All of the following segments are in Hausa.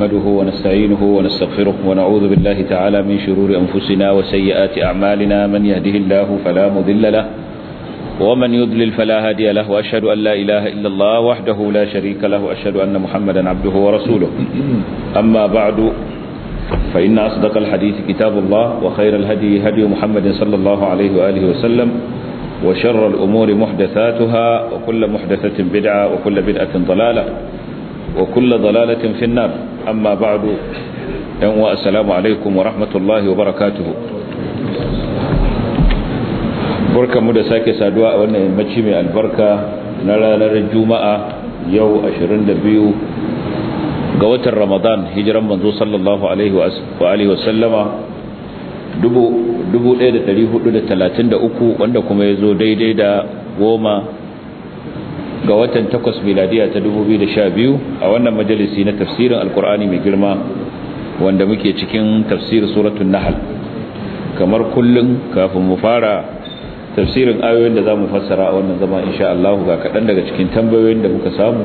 نحمده ونستعينه ونستغفره ونعوذ بالله تعالى من شرور أنفسنا وسيئات أعمالنا من يهده الله فلا مذل له ومن يضلل فلا هادي له وأشهد أن لا إله إلا الله وحده لا شريك له وأشهد أن محمدا عبده ورسوله أما بعد فإن أصدق الحديث كتاب الله وخير الهدي هدي محمد صلى الله عليه وآله وسلم وشر الأمور محدثاتها وكل محدثة بدعة وكل بدعة ضلالة وكل ضلالة في النار amma ba'du yan uwa assalamu alaikum wa rahmatullahi wa barakatuhu barkamu da sake saduwa a wannan yammaci mai albarka na ranar juma'a yau 22 ga watan ramadan hijiran manzo sallallahu alaihi wa alihi wa da uku, wanda kuma ya zo daidai da goma ga watan 8 miladiya ta 2012 a wannan majalisi na tafsirin alkur'ani mai girma wanda muke cikin tafsir suratul nahl kamar kullun kafin mu fara tafsirin ayoyin da zamu fassara a wannan zama insha Allah ga kadan daga cikin tambayoyin da muka samu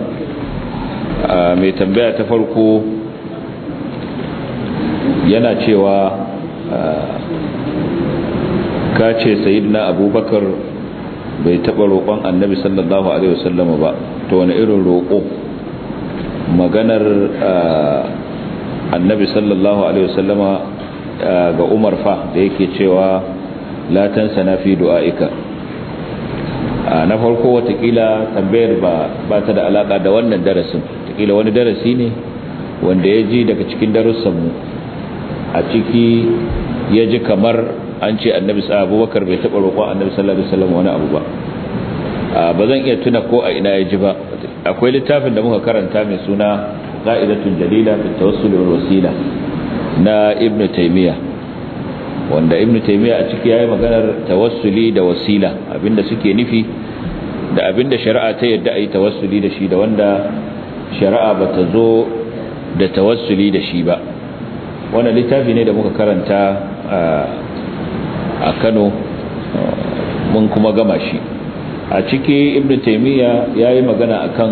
mai tambaya ta farko yana cewa ka ce sayyidina abubakar bai taɓa roƙon annabi sallallahu alaihi wasallam ba to wani irin roƙo maganar annabi sallallahu alaihi wasallam ga umar fa da yake cewa na fi du'a'ika na farko watakila tambayar ba ta da alaƙa da wannan darasin watakila wani darasi ne wanda ya ji daga cikin darussanmu a ciki ya ji kamar an ce annabi abubakar bai taɓa roƙon annabi sallallahu alaihi wasallam wani abu ba ba zan iya tuna ko a ina ya ji ba akwai littafin da muka karanta mai suna qa'idatun jalila fi tawassul wal wasila na ibn taymiya wanda ibn taymiya a ciki yayi maganar tawassuli da wasila abinda suke nufi da abinda shari'a ta yadda ayi tawassuli da shi da wanda shari'a bata zo da tawassuli da shi ba wannan littafi ne da muka karanta a kano mun kuma gama shi a ciki ibn taimiyya ya yi magana a kan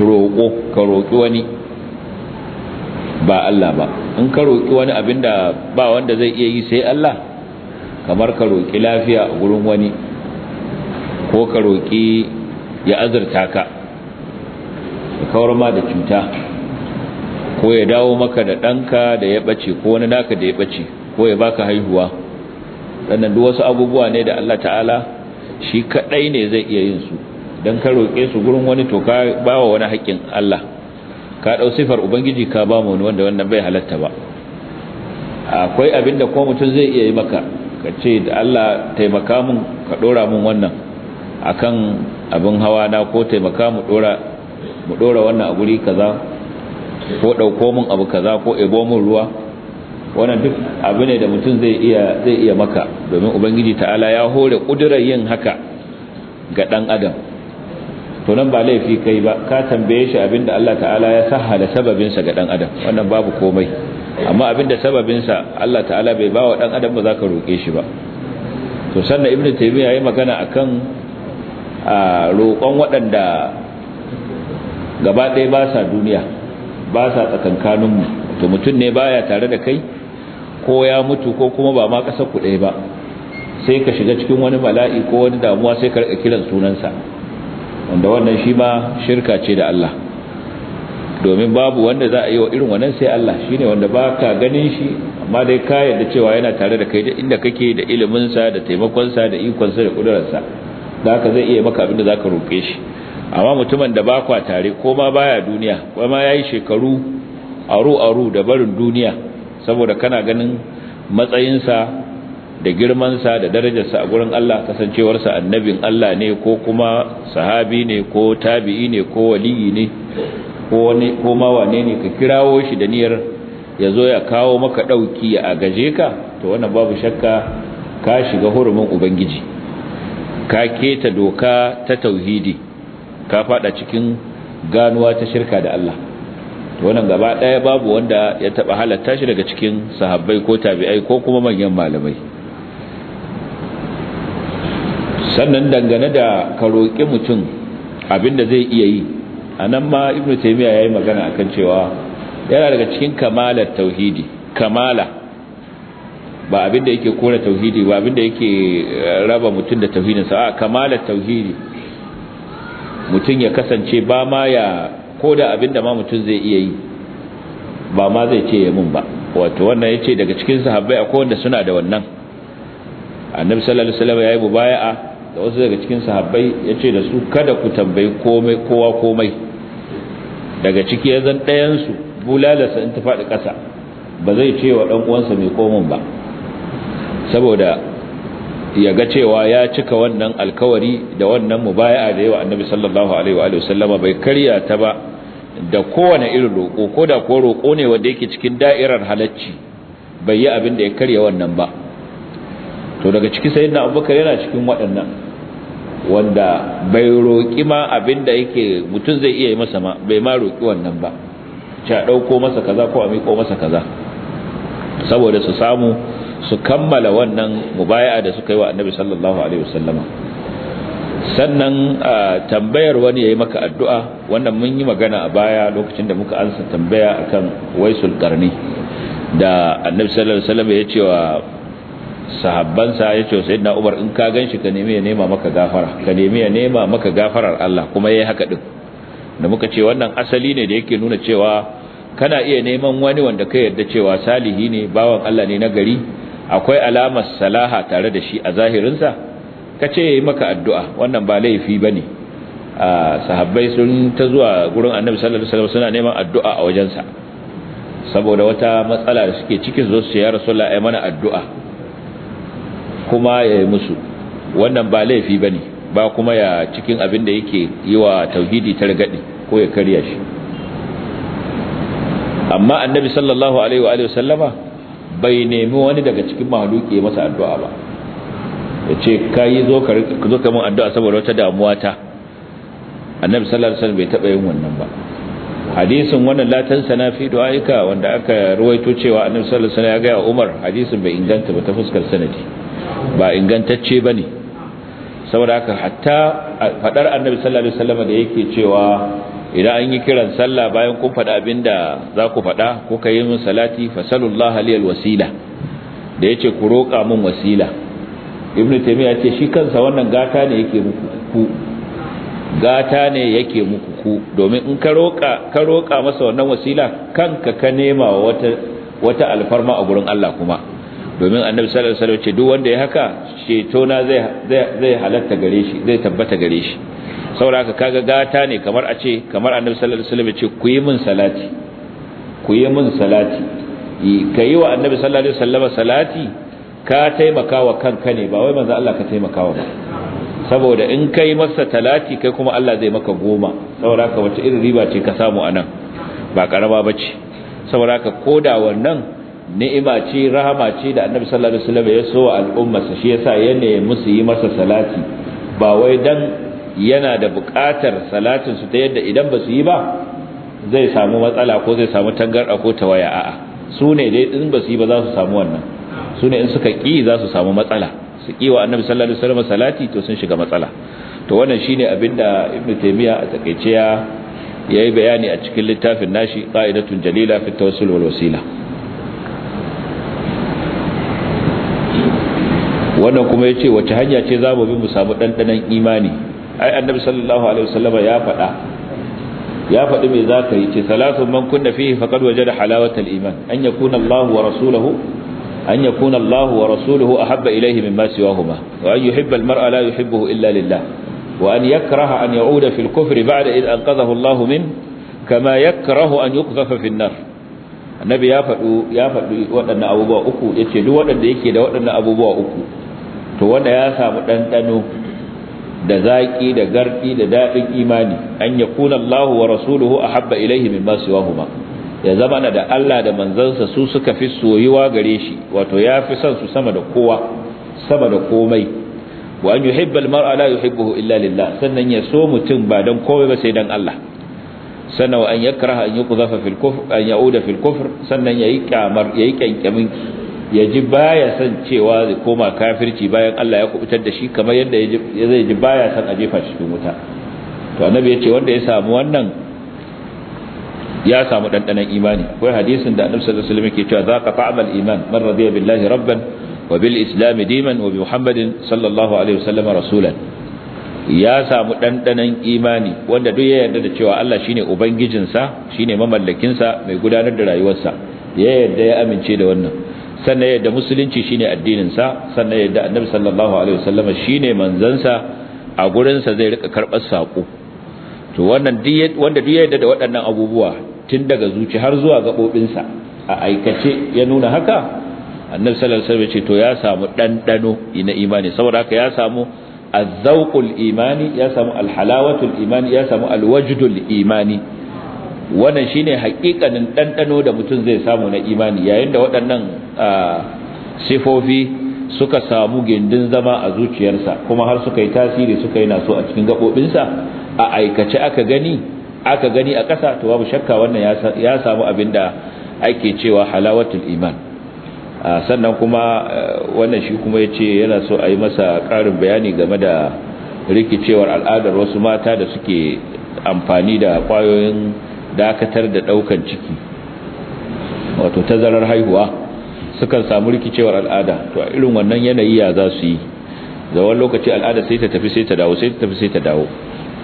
roƙo ka roƙi wani ba Allah ba in ka roƙi wani abinda ba wanda zai iya yi sai Allah kamar ka roƙi lafiya a gurin wani ko ka roƙi ya azurta ka ka kawar ma da cuta ko ya dawo maka da ɗanka da ya ɓace ko wani naka da ya ɓace ko ya baka haihuwa waɗannan duk wasu abubuwa ne da Allah ta'ala shi kaɗai ne zai iya yin su don ka roƙe su gurin wani to ka ba wa wani haƙƙin Allah ka ɗau sifar ubangiji ka ba mu wanda wannan bai halatta ba akwai abin da kuma mutum zai iya yi maka ka ce da Allah taimaka mun ka ɗora mun wannan akan abin hawa na ko taimaka mu ɗora mu ɗora wannan a guri kaza ko ɗauko mun abu kaza ko ebo mun ruwa wannan duk abu ne da mutum zai iya zai iya maka domin ubangiji ta'ala ya hore kudurar yin haka ga dan adam to nan ba laifi kai ba ka tambaye shi abinda Allah ta'ala ya sahala sababin sa ga dan adam wannan babu komai amma abinda sababin sa Allah ta'ala bai bawa dan adam ba zaka roke shi ba to sannan ibnu taymiya yayi magana akan a roƙon waɗanda gaba ɗaya ba sa duniya ba sa tsakankaninmu to mutum ne baya tare da kai ko ya mutu ko kuma ba ma kasar ku ba sai ka shiga cikin wani bala'i ko wani damuwa sai ka rika kiran sunansa wanda wannan shi ma shirka ce da Allah domin babu wanda za a yi wa irin wannan sai Allah shine wanda ba ka ganin shi amma dai ka yarda cewa yana tare da kai da inda kake da ilimin sa da taimakonsa da ikonsa da kudurar sa haka zai iya maka abin da ka roke shi amma mutumin da ba kwa tare ko ma baya duniya ko ma yayi shekaru aru aru da barin duniya saboda kana ganin matsayinsa da girmansa da darajarsa a gurin Allah kasancewarsa annabin Allah ne ko kuma sahabi ne ko tabi'i ne ko waliyi ne ko ma wane ne ka kirawo shi da niyyar ya zo ya kawo maka ɗauki ya agaje ka to wannan babu shakka ka shiga hurumin ubangiji ka keta doka ta tauhidi ka fada cikin ganuwa ta shirka da Allah wannan gaba daya babu wanda ya taba halatta shi daga cikin sahabbai ko tabi'ai ko kuma manyan malamai sannan dangane da ka roƙi mutum abinda zai iya yi anan ma ibnu taymiya yayi magana akan cewa yana daga cikin kamalar tauhidi kamala ba abin da yake kora tauhidi ba abin da yake eh, raba mutum da tauhidinsa a kamalar tauhidi mutum ya kasance ba ma ya ko da abin da ma mutum zai iya yi ba ma zai ce ya mun ba wato wannan ya ce daga cikin sahabbai a wanda suna da wannan annabi sallallahu alaihi wasallam yi mubaya'a da wasu daga cikin sahabbai ce da su kada ku tambayi komai kowa komai daga ciki zan ɗayan su sa in ta faɗi ƙasa ba zai ce wa ɗan uwansa mai komun ba saboda ya ga cewa ya cika wannan alkawari da wannan mubaya'a da yawa annabi sallallahu alaihi wa sallama bai karya ta ba da kowane irin roƙo ko da kuwa roƙo ne wanda yake cikin da'irar halacci bai yi abin da ya karya wannan ba to daga ciki sai na abubakar yana cikin waɗannan wanda bai roƙi ma abin da yake mutum zai iya yi masa ma bai ma roƙi wannan ba ci a ɗauko masa kaza ko a miƙo masa kaza saboda su samu su kammala wannan mubaya'a da suka yi wa annabi sallallahu alaihi wasallama sannan tambayar wani ya yi maka addu'a wannan mun yi magana a baya lokacin da muka ansa tambaya akan waisul ƙarni. da annabi sallallahu alaihi wasallam ya ce wa sahabbansa ya ce na Umar in ka ganshi ka nemi ya nema maka gafara ka nemi ya nema maka gafarar Allah kuma ya yi haka ɗin. da muka ce wannan asali ne da yake nuna cewa kana iya neman wani wanda ka yarda cewa salihi ne bawan Allah ne na gari akwai alamar salaha tare da shi a zahirinsa ka ce ya maka addu'a wannan ba laifi ba ne sahabbai sun ta zuwa gurin annabi sallallahu alaihi wasallam suna neman addu'a a wajensa saboda wata matsala da suke cikin zo su ya rasulullah ai mana addu'a kuma ya yi musu wannan ba laifi ba ne ba kuma ya cikin abin da yake yi wa tauhidi targaɗi ko ya karya shi amma annabi sallallahu alaihi wa sallama bai nemi wani daga cikin mahaluki masa addu'a ba ya ce ka yi zo ka mun addu'a saboda wata damuwa ta annabi sallallahu bai taɓa yin wannan ba hadisin wannan latin sana fi du'aika wanda aka ruwaito cewa annabi sallallahu ya gaya Umar hadisin bai inganta ba ta fuskar sanadi ba ingantacce bane saboda aka hatta faɗar annabi sallallahu da yake cewa idan an yi kiran sallah bayan kun faɗa da za ku faɗa ko yi min salati fasallallahu aliyal wasila da yace ku roƙa mun wasila ibn taymiya ce shi kansa wannan gata ne yake muku ku gata ne yake muku ku domin in ka roƙa ka roka masa wannan wasila kanka ka nema wata wata alfarma a gurin Allah kuma domin annabi sallallahu alaihi wasallam ce duk wanda ya haka ceto na zai zai halatta gare shi zai tabbata gare shi saboda kaga gata ne kamar a ce kamar annabi sallallahu alaihi wasallam ce ku yi min salati ku yi min salati ka yi wa annabi sallallahu alaihi wasallam salati ka taimaka wa kanka ne ba wai manzo Allah ka taimaka wa ba saboda in kai masa talati kai kuma Allah zai maka goma saboda haka wata irin riba ce ka samu anan ba karama bace saboda haka koda wannan ni'ima ce rahama ce da Annabi sallallahu alaihi wasallam ya so al'umma sa shi yasa ya musu yi masa salati ba wai dan yana da buƙatar salatin su ta yadda idan ba su yi ba zai samu matsala ko zai samu tangarda ko tawaya a'a su ne dai in ba su yi ba za su samu wannan su ne in suka ƙi za su samu matsala su ƙi wa annabi sallallahu alaihi wasallam salati to sun shiga matsala to wannan shine abinda ibnu taymiya a takeice ya yayi bayani a cikin littafin nashi qa'idatun jalila fi tawassul wal wasila wannan kuma yace wace hanya ce zamu bi mu samu dandanan imani ai annabi sallallahu alaihi wasallam ya faɗa ya faɗi me ka yi ce salatu man kunna fihi faqad wajada halawatal iman an yakuna Allah wa rasuluhu an yakuna Allah wa rasuluhu ahabba ilayhi mimma siwahuma wa an yuhibba al-mar'a la yuhibbuhu illa lillah wa an yakraha an ya'uda fil kufri ba'da id anqadhahu Allah min kama yakrahu an yuqdhafa fi an-nar annabi ya fadu waɗannan abubuwa uku yace duk waɗanda yake da waɗannan abubuwa uku to wanda ya samu ɗanɗano da zaƙi da garɗi da daɗin imani an ya wa rasuluhu a ilaihi min masu wahuma ya zama na da Allah da manzansa su suka fi soyuwa gare shi wato ya fi son su sama da kowa sama da komai wa an yuhibbal mar'a la yuhibbuhu illa lillah sannan ya so mutum ba dan komai ba sai dan Allah sannan wa an yakraha an yuqdhafa fil kufr an yauda fil kufr sannan yayi kyamar yayi kyankyamin ya ji baya san cewa zai koma kafirci bayan Allah ya kubutar da shi kamar yadda ya zai ji baya san a jefa cikin wuta to annabi ya ce wanda ya samu wannan ya samu dandanan imani akwai hadisin da annabi sallallahu alaihi wasallam yake cewa zaka fa'amal iman man radiya billahi rabban wa bil islam diman wa bi muhammadin sallallahu alaihi wasallam rasulan ya samu dandanan imani wanda duk ya yarda da cewa Allah shine ubangijinsa shine mamallakinsa mai gudanar da rayuwarsa ya yarda ya amince da wannan sannan ya yarda musulunci shine addininsa sannan ya yarda annabi sallallahu alaihi wasallam shine manzansa a gurinsa zai rika karɓar sako to wannan wanda duk ya yarda da waɗannan abubuwa tun daga zuci har zuwa gaɓoɓinsa a aikace ya nuna haka annabi sallallahu alaihi wasallam ce to ya samu ɗanɗano na imani saboda haka ya samu azzauqul imani ya samu alhalawatul imani ya samu alwajdul imani wannan shine haƙiƙanin ɗanɗano da mutum zai samu na imani yayin da waɗannan sifofi suka samu gindin zama a zuciyarsa kuma har suka yi tasiri suka yi naso a cikin gaɓoɓinsa a aikace aka gani aka gani a ƙasa to babu shakka wannan ya samu abin da ake cewa halawatul iman sannan kuma eh, wannan shi kuma ya ce yana so a yi masa ƙarin bayani game da rikicewar al'adar wasu mata da suke amfani da ƙwayoyin dakatar da ɗaukan ciki wato tazarar haihuwa sukan samu rikicewar al'ada to a irin wannan yanayi ya za su yi zawon lokaci al'ada sai ta tafi sai ta dawo sai ta tafi sai ta dawo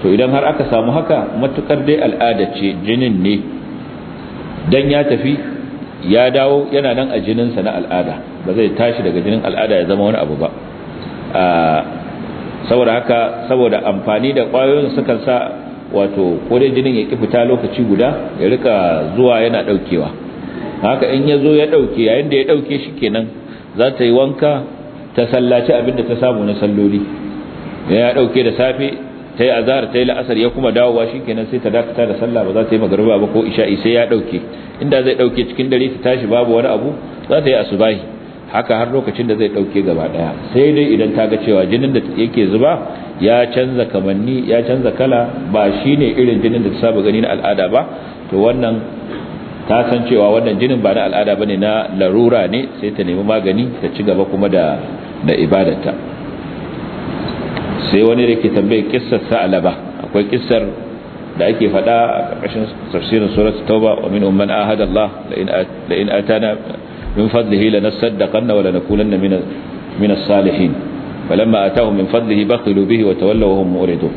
to idan har aka samu haka matukar dai al'ada ce jinin ne dan ya tafi ya dawo yana nan a jininsa na al'ada ba zai tashi daga jinin al'ada ya zama wani abu ba saboda haka saboda amfani da kwayoyin sukan sa wato kodai jinin ya ki fita lokaci guda ya rika zuwa yana daukewa haka in ya zo ya dauke yayin da ya dauke shi kenan za ta yi wanka ta sallaci abinda ta samu na salloli ya dauke da safe ta yi azahar ta yi la'asar ya kuma dawowa shi kenan sai ta dakata da sallah ba za ta yi magariba ba ko isha'i sai ya dauke inda zai dauke cikin dare ta tashi babu wani abu za ta yi asubahi haka har lokacin da zai dauke gaba daya sai dai idan ta ga cewa jinin da yake zuba ya canza kamanni ya canza kala ba shine irin jinin da ta saba gani na al'ada ba to wannan ta san cewa wannan jinin ba na al'ada bane ne na larura ne sai ta nemi magani ta ci gaba kuma da ibadarta sai wani da ke tambaye kissar sa'alaba akwai kissar da ake faɗa a ƙarƙashin tafsirin surat tauba wa min umman ahada Allah la in atana min fadlihi lanasaddaqanna wa lanakunanna min min as-salihin falamma atahum min fadlihi bakhilu bihi wa tawallaw wa hum muridun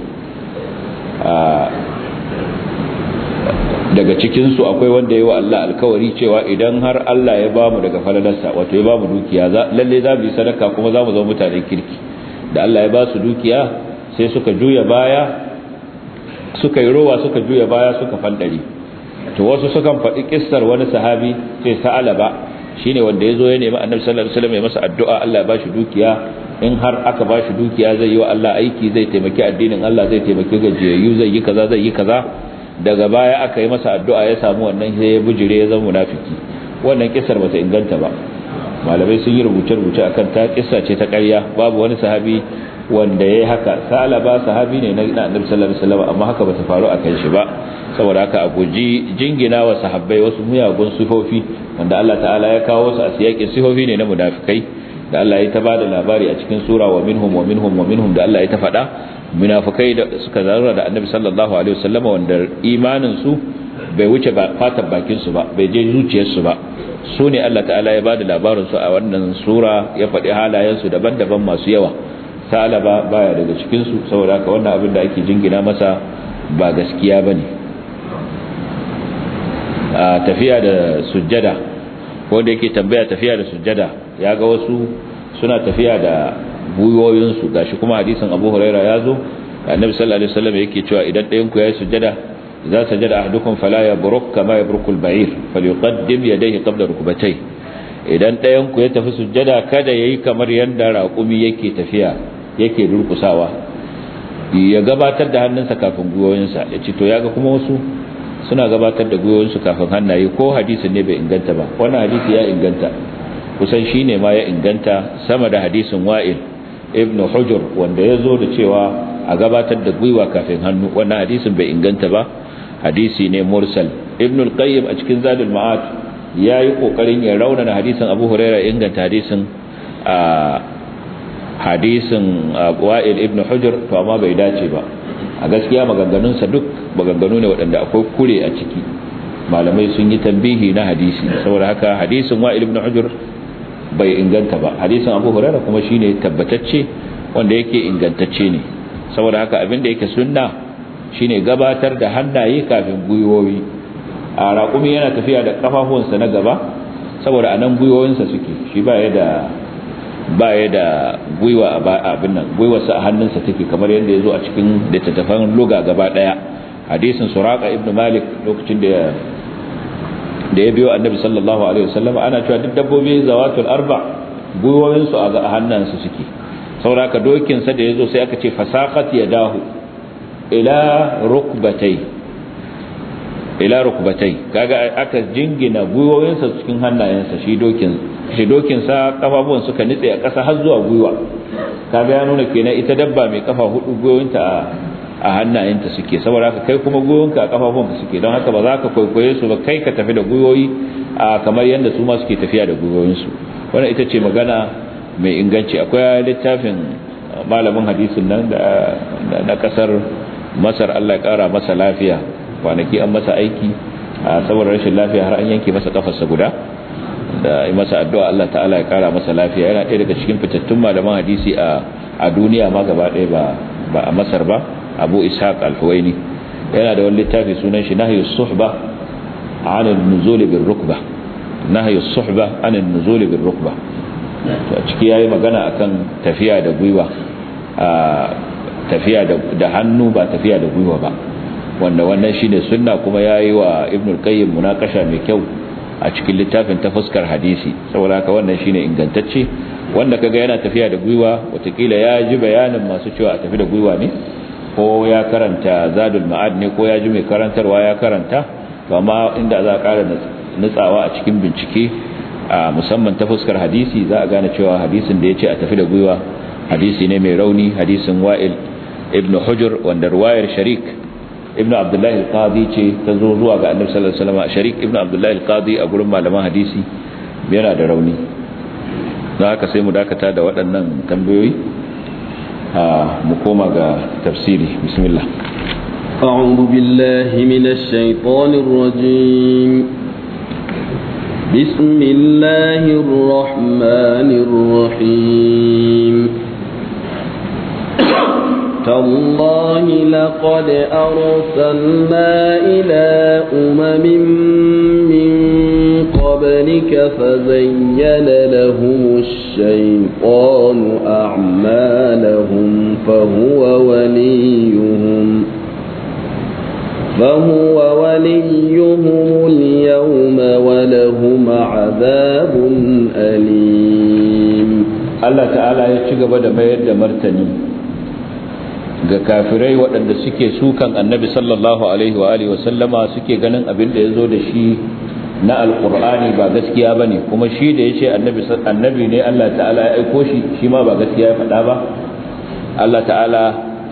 daga cikinsu akwai wanda yi wa Allah alkawari cewa idan har Allah ya bamu daga falalarsa wato ya bamu dukiya lalle za mu yi sadaka kuma za mu zama mutanen kirki da Allah ya ba su dukiya sai suka juya baya suka yi rowa suka juya baya suka fandari to wasu sukan faɗi kissar wani sahabi sai Shi ne wanda ya zo ya nemi annabi sallallahu alaihi wasallam ya masa addu'a Allah ya ba shi dukiya in har aka ba shi dukiya zai yi wa Allah aiki zai taimaki addinin Allah zai taimaki gajiyayyu zai yi kaza zai yi kaza daga baya aka yi masa addu'a ya samu wannan sai ya bujire ya zama munafiki wannan kissar bata inganta ba malamai sun yi rubuce-rubuce akan ta kissa ce ta ƙarya babu wani sahabi wanda ya yi haka salaba sahabi ne na annabi sallallahu alaihi amma haka bata faru a kan shi ba saboda haka a guji jingina wa sahabbai wasu muyagun sifofi wanda Allah ta'ala ya kawo su a siyakin sifofi ne na munafikai da Allah ya ta bada labari a cikin sura wa minhum wa minhum wa minhum da Allah ya ta faɗa munafikai da suka zarra da annabi sallallahu alaihi wanda imanin su bai wuce fatan su ba bai je zuciyarsu ba su ne Allah ta'ala ya bada labarinsu a wannan sura ya faɗi halayensu daban-daban masu yawa talaba baya daga cikinsu saboda haka wannan abin da ake jingina masa ba gaskiya ba ne tafiya da sujjada wanda yake tambaya tafiya da sujjada ya ga wasu suna tafiya da buyoyinsu gashi kuma hadisin abu huraira ya zo annabi sallallahu alaihi wasallam yake cewa idan ɗayan ku yayi sujjada إذا سجد أحدكم فلا يبرك كما يبرك ba'ir فليقدم يديه قبل ركبتيه idan dayan ku ya tafi sujjada kada yayi kamar yanda raƙumi yake tafiya yake durkusawa ya gabatar da hannunsa kafin guyoyinsa ya ce to yaga kuma wasu suna gabatar da guyoyinsu kafin hannaye ko hadisin ne bai inganta ba wannan hadisi ya inganta kusan shine ma ya inganta sama da hadisin wa'il ibn hujur wanda ya zo da cewa a gabatar da gwiwa kafin hannu wannan hadisin bai inganta ba hadisi ne mursal ibn al-qayyim a cikin zadul ya yayi kokarin ya raunana hadisin abu huraira inganta hadisin a hadisin wa'il ibn hujr to amma bai dace ba a gaskiya sa duk maganganu ne waɗanda akwai kure a ciki malamai sun yi tambihi na hadisi saboda haka hadisin wa'il ibn hujr bai inganta ba hadisin abu huraira kuma shine tabbatacce wanda yake ingantacce ne saboda haka abin da yake sunna shine gabatar da hannaye kafin gwiwoyi a raƙumi yana tafiya da ƙafafunsa na gaba saboda anan gwiwoyinsa suke shi baya da ya da gwiwa a abin nan gwiwarsa a hannunsa take kamar yadda ya zo a cikin littattafan luga gaba ɗaya hadisin suraka ibn malik lokacin da da ya biyo annabi sallallahu alaihi wasallam ana cewa duk dabbobi zawatul arba gwiwoyinsu a hannunsa suke sauraka dokinsa da ya zo sai aka ce fasaqat ya dahu ila rukbatai ila kaga aka jingina gwiwoyinsa cikin hannayensa shi shi dokin sa kafafuwan suka nitse a ƙasa har zuwa gwiwa kaga ya nuna kenan ita dabba mai kafa hudu gwiwoyinta a hannayenta suke saboda haka kai kuma ka a kafafuwanka suke don haka ba za ka kwaikwaye su ba kai ka tafi da gwiwoyi kamar yadda su ma suke tafiya da gwiwoyinsu wani ita ce magana mai inganci akwai littafin malamin hadisin nan na kasar masar Allah ya kara masa lafiya kwanaki an masa aiki a saboda rashin lafiya har an yanke masa kafarsa guda da masa addu'a Allah ta'ala ya kara masa lafiya yana ɗaya daga cikin fitattun malaman hadisi a a duniya ma gaba ɗaya ba ba a Masar ba Abu Ishaq al yana da wani littafi sunan shi Nahyu suhba an an-nuzul bil rukba Nahyu suhba an an-nuzul rukba to a ciki yayi magana akan tafiya da gwiwa a tafiya da hannu ba tafiya da gwiwa ba wanda wannan shine sunna kuma ya yi wa ibnu al munakasha mai kyau a cikin littafin ta fuskar hadisi saboda haka wannan shine ingantacce wanda kaga yana tafiya da gwiwa watakila ya ji bayanin masu cewa a tafi da gwiwa ne ko ya karanta zadul ma'ad ne ko ya ji mai karantarwa ya karanta to amma inda za a ƙara nutsawa a cikin bincike a musamman ta fuskar hadisi za a gane cewa hadisin da ya ce a tafi da gwiwa hadisi ne mai rauni hadisin wa'il ibn hujr wanda ruwayar sharik ibn abdullahi al-qadi ce ta zo zuwa ga annabi sallallahu alaihi wasallam sharik ibn abdullahi al-qadi a gurin malaman hadisi yana da rauni don haka sai mu dakata da waɗannan tambayoyi mu koma ga tafsiri bismillah أعوذ بالله من الشيطان الرجيم بسم الله الرحمن الرحيم تالله لقد أرسلنا إلى أمم من قبلك فزين لهم الشيطان أعمالهم فهو وليهم فهو وليهم اليوم ولهم عذاب أليم الله تعالى يتشغب دمير دمرتني ga kafirai waɗanda suke sukan annabi sallallahu alaihi wa alihi wasallama suke ganin abin da ya zo da shi na alkur'ani ba gaskiya ba ne kuma shi da ya ce annabi ne allah ta'ala ya aiko shi shi ma ba gaskiya ya faɗa ba allah ta'ala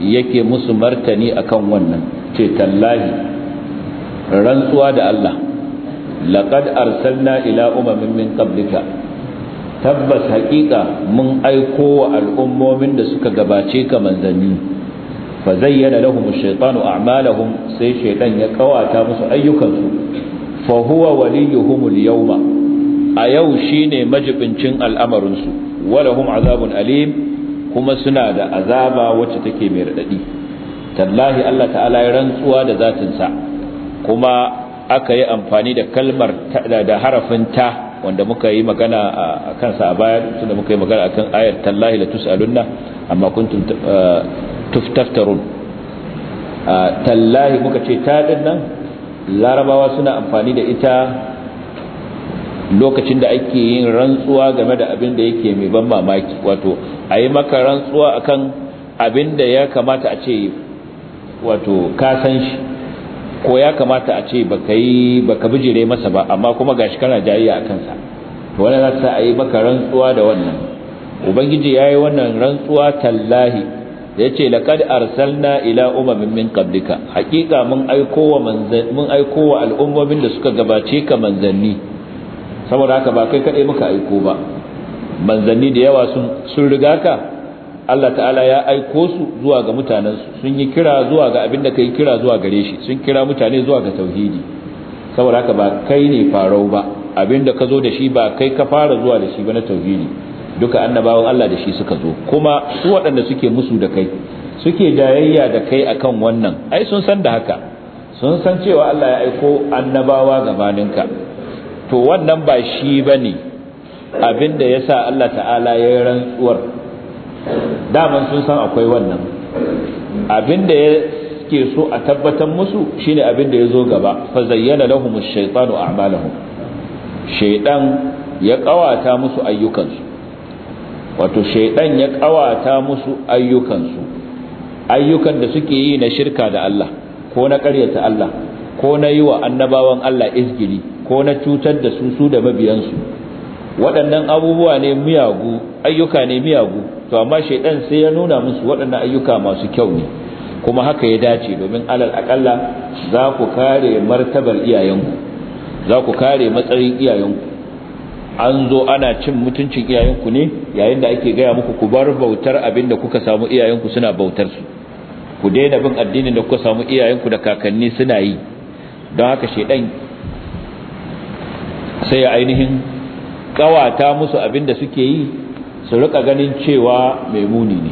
yake musu martani a kan wannan ce tallahi rantsuwa da allah laqad arsalna ila umamin min qablika tabbas haƙiƙa mun aiko wa al'ummomin da suka gabace ka manzanni fa zayyana lahum shaiɗanu a'malahum sai shaytan ya kawata musu ayyukansu fa huwa waliyuhum al-yawma a yau shine majibincin al'amarin su walahum azabun alim kuma suna da azaba wacce take mai radadi tallahi Allah ta'ala ya rantsuwa da zatin sa kuma aka yi amfani da kalmar da harafin ta wanda muka yi magana a kansa a baya tunda muka yi magana akan ayar tallahi la tusalunna amma kuntum eh, tuftarun tallahi muka ce ta nan larabawa suna amfani da ita lokacin da ake yin rantsuwa game da abin da yake mai ban mamaki wato a yi maka rantsuwa akan abin da ya kamata a ce wato ka san shi ko ya kamata a ce baka yi baka bijire masa ba amma kuma gashi kana jayayya a kansa Wani rasa a yi maka rantsuwa da wannan ubangiji ya yi wannan rantsuwa tallahi yace laqad arsalna ila umamin min qablika hakika mun aiko wa al'ummomin da suka gabace ka manzanni saboda haka ba kai kaɗai muka aiko ba manzanni da yawa sun riga ka Allah ta'ala ya aiko su zuwa ga mutanensu sun yi kira zuwa ga abin da kai kira zuwa gare shi sun kira mutane zuwa ga tauhidi saboda haka ba kai ne farau ba abin da ka zo da shi ba kai ka fara zuwa da shi ba na tauhidi duka annabawan Allah da shi suka zo kuma su waɗanda suke musu da kai suke jayayya da kai akan wannan ai sun san da haka sun san cewa Allah ya aiko annabawa gabaninka to wannan ba shi bane abinda yasa Allah ta'ala ya rantsuwar daman sun san akwai wannan abinda ya suke so a tabbatar musu shine abin da zo gaba fa zayyana lahum ash-shaytanu a'malahum shaytan ya kawata musu ayyukansu wato shaidan ya kawata musu ayyukansu ayyukan da suke yi na shirka da Allah ko na ƙaryata Allah ko na yi wa annabawan Allah izgili ko na cutar da su su da mabiyansu waɗannan abubuwa ne miyagu ayyuka ne miyagu to amma shaidan sai ya nuna musu waɗannan ayyuka masu kyau ne kuma haka ya dace domin alal akalla za ku kare martabar iyayenku za ku kare matsayin iyayenku an zo ana cin mutuncin iyayenku ne yayin da ake gaya muku ku bar bautar abin da kuka samu iyayenku suna bautar su ku daina bin addinin da kuka samu iyayenku da kakanni suna yi don haka shedan sai ya ainihin kawata musu abin da suke yi su rika ganin cewa mai muni ne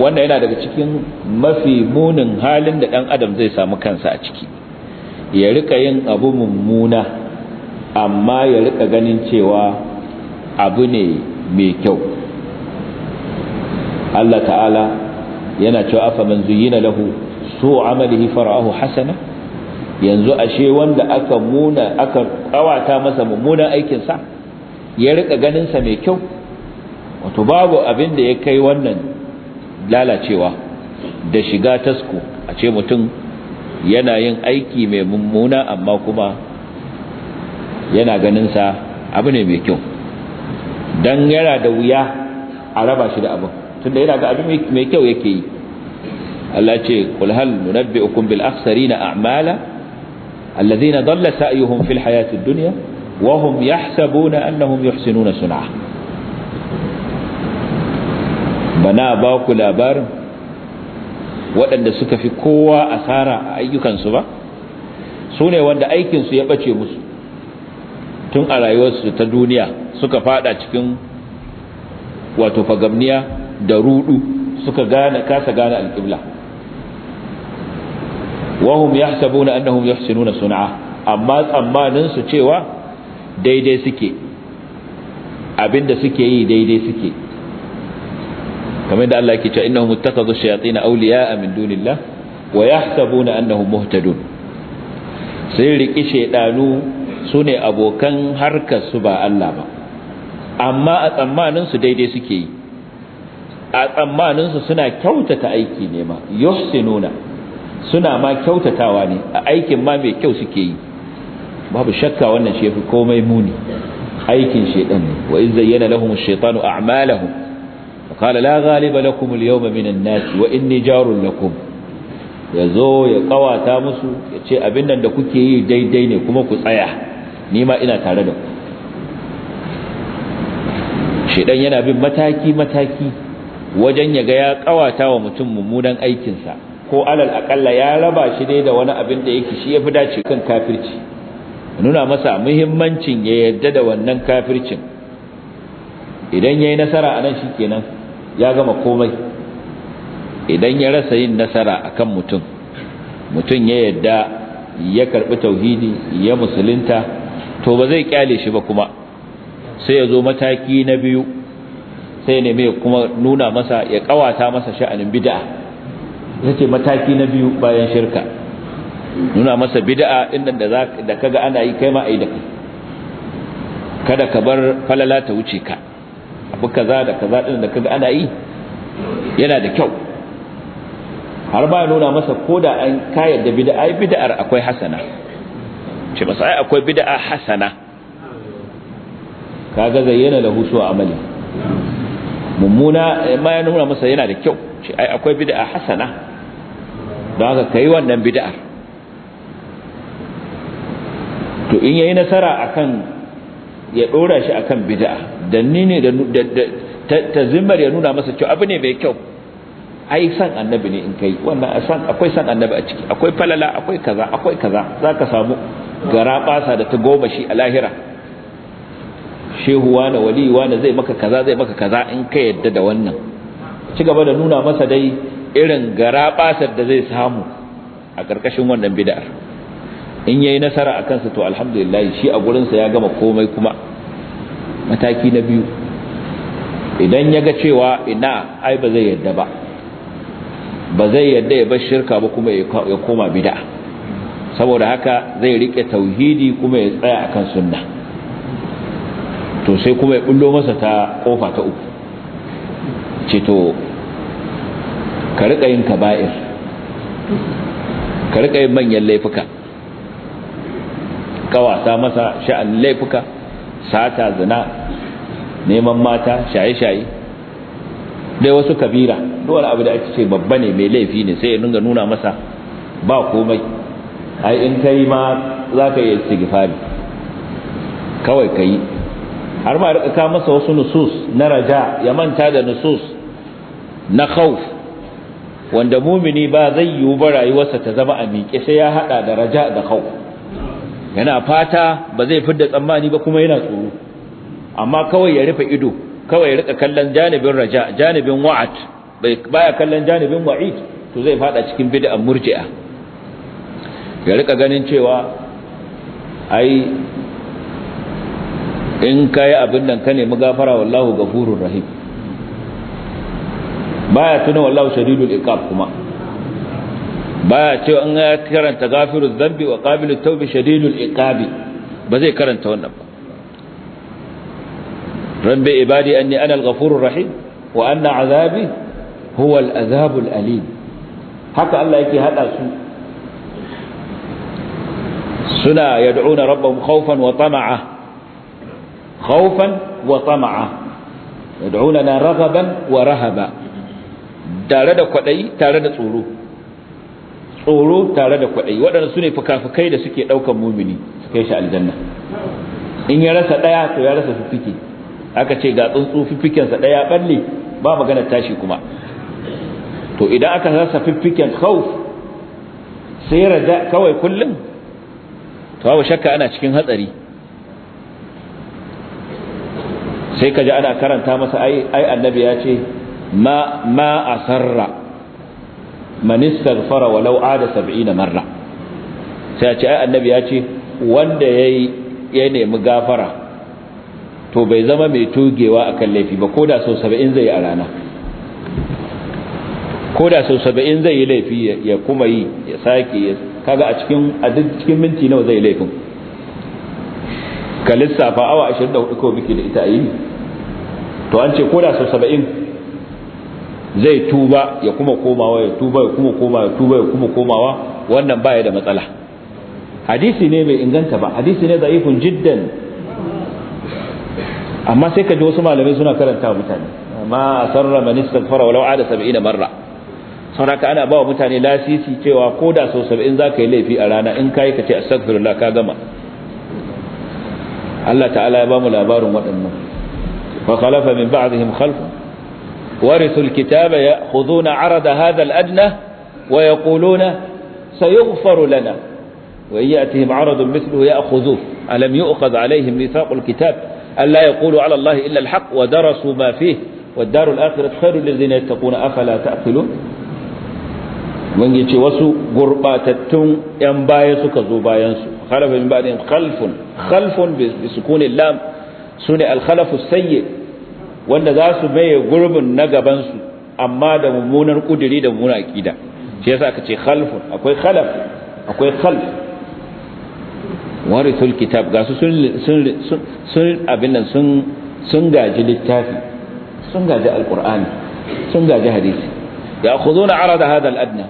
wannan yana daga cikin mafi munin halin da dan adam zai samu kansa a ciki ya rika yin abu mummuna amma ya rika ganin cewa abu ne mai kyau Allah ta'ala yana cewa afa man zuyyina lahu su amalihi fara'ahu hasana yanzu ashe wanda aka muna aka kawata masa mummunan aikin sa ya rika ganin sa mai kyau wato babu abin da ya kai wannan lalacewa da shiga tasko a ce mutum yana yin aiki mai mummuna amma kuma yana ganin sa abu ne mai kyau dan yana da wuya a raba shi da abin tunda yana ga abu mai kyau yake yi Allah ce qul hal nunabbi'ukum bil akhsarina a'mala alladhina dalla sa'yuhum fil hayati ad-dunya wa hum yahsabuna annahum yuhsinuna sun'a bana ba ku labarin waɗanda suka fi kowa asara a ayyukansu ba su ne wanda aikinsu ya ɓace musu tun a rayuwarsu ta duniya suka fada cikin wato fagamniya da rudu suka gane kasa gane alƙibla wahum yahsabuna annahum yuhsinuna sun'a amma tsammanin su cewa daidai suke abinda suke yi daidai suke kamar da Allah yake cewa innahum muttakhadhu shayatin awliya'a min dunillah wa yahsabuna annahum muhtadun sai riki shedanu su ne abokan su ba Allah ba amma a tsammaninsu daidai suke yi a tsammaninsu suna kyautata aiki ne ma yuhsinuna suna ma kyautatawa ne a aikin ma mai kyau suke yi babu shakka wannan shi yafi komai muni aikin shedan ne wa in zayyana lahum shaitanu shaytanu a'malahum qala la ghaliba lakum al-yawma an nas wa inni jarun lakum yazo ya kawata musu yace abin nan da kuke yi daidai ne kuma ku tsaya ni ma ina tare da ku yana bin mataki mataki wajen ya ga ya kawata wa mutum mummunan aikinsa ko alal akalla ya raba shi dai da wani abin da yake shi ya fi dace kan kafirci nuna masa muhimmancin ya yadda da wannan kafircin idan yayi nasara a anan shikenan ya gama komai idan ya rasa yin nasara akan mutum mutum ya yadda, ya karbi tauhidi ya musulunta to ba zai kyale shi ba kuma sai ya zo mataki na biyu sai ne mai kuma nuna masa ya kawata masa sha'anin bid'a ce mataki na biyu bayan shirka nuna masa bid'a inda da da kaga ana yi kai ma ai da kai kada ka bar falala ta wuce ka abu kaza da kaza din da kaga ana yi yana da kyau har ba nuna masa koda an kayar da bid'a ai bid'ar akwai hasana ce masa ai akwai bid'a hasana kaga zayyana lahu su amali mummuna eh, ma ya nuna masa yana da kyau ce ai akwai bid'a hasana don haka kai wannan bid'ar to in yayi nasara akan ya dora shi akan bid'a dan ni ne da tazimar ya nuna masa cewa abu ne mai kyau ai san annabi ne in kai wannan akwai san annabi a ciki akwai falala akwai kaza akwai kaza zaka samu gara basa da ta goma shi a lahira shehuwa na waliwa na zai maka kaza zai maka kaza in ka yadda da wannan ci gaba da nuna masa dai irin gara basar da zai samu a ƙarƙashin wannan bid'ar in yayi nasara akan sa to alhamdulillah shi a gurinsa ya gama komai kuma mataki na biyu idan ya ga cewa ina ai ba zai yadda ba ba zai yadda ya bar shirka ba kuma ya koma bid'a saboda haka zai rike tauhidi kuma ya tsaya a kan sunna to sai kuma ya bullo masa ta kofa ta uku ce to ka rika yin kaba'ir ka rika yin manyan laifuka ƙawata masa sha'an laifuka sata zina neman mata shaye-shaye dai wasu kabira dole abu da ake ce babba ne mai laifi ne sai ya nuna masa ba komai ai in kai ma za ka yi istighfari kawai ka yi har ma rika ka masa wasu nusus na raja ya manta da nusus na khauf wanda mumini ba zai yiwu ba rayuwarsa ta zama a miƙe sai ya haɗa da raja da khauf yana fata ba zai fidda tsammani ba kuma yana tsoro amma kawai ya rufe ido kawai ya rika kallon janibin raja janibin wa'at baya kallon janibin wa'id to zai fada cikin bid'a murji'a ya rika ganin cewa ai in ka yi abin nan ka nemi gafara wallahu gafurur rahim baya tuna wallahu shadidul iqab kuma baya cewa in ya karanta gafiruz zambi wa qabilut tawbi shadidul iqabi ba zai karanta wannan ba rabbi ibadi anni ana al-ghafurur rahim wa anna azabi huwa al-azabul alim haka Allah yake hada su suna yad'una rabbahum khawfan wa tama'a khawfan wa tama'a yad'una na raghaban wa rahaba tare da kwadayi tare da tsoro tsoro tare da kwadayi waɗanda su ne fukafukai da suke daukan mumini su kai shi aljanna in ya rasa ɗaya to ya rasa fifike aka ce ga tsuntsu fifikensa ɗaya balle ba magana tashi kuma to idan aka rasa fiffiken khawf sai raja kawai kullum to babu shakka ana cikin hatsari sai ka ji ana karanta masa ai ai annabi ya ce ma ma asarra man istaghfara walau ada 70 marra sai ya ce ai annabi ya ce wanda yayi ya nemi gafara to bai zama mai togewa akan laifi ba koda sau 70 zai yi a rana koda sau 70 zai yi laifi ya kuma yi ya sake kaga a cikin a cikin minti nawa zai laifin ka lissafa awa 24 ko biki da ita yi to an ce koda sau 70 zai tuba ya kuma komawa ya tuba ya kuma komawa ya tuba ya kuma komawa wannan baya da matsala hadisi ne bai inganta ba hadisi ne za'ifun jiddan amma sai ka ji wasu malamai suna karanta mutane amma sarra manistan fara walau ada 70 marra sauraka ana ba wa mutane lasisi cewa ko da sau saba'in za ka yi laifi a rana in ka yi ka ce a astagfirullah ka gama Allah ta'ala ya ba mu labarin waɗannan fa khalafa min ba'dihim khalfun warithu alkitaba ya'khuduna 'arada hadha aladna wa yaquluna sayughfaru lana wa yatihim 'aradun mithluhu ya'khudhuhu alam yu'khad 'alayhim mithaq alkitab alla yaqulu 'ala Allah illa alhaq wa darasu ma fihi wa ad والدار الآخرة خير للذين yattaquna afala ta'qilun ubangiji ce wasu gurbatattun yan baya suka zo bayan su khalafa min ba'dihim khalfun khalfun bi sukuni lam sune al khalafu sayyi wanda za su maye gurbin na gaban su amma da mummunar kudiri da mummunar aqida shi yasa aka ce khalfun akwai khalaf akwai khalf warithul kitab ga su sun sun abin nan sun sun gaji littafi sun gaji alqur'ani sun gaji hadisi ya khuduna arada hadha al adna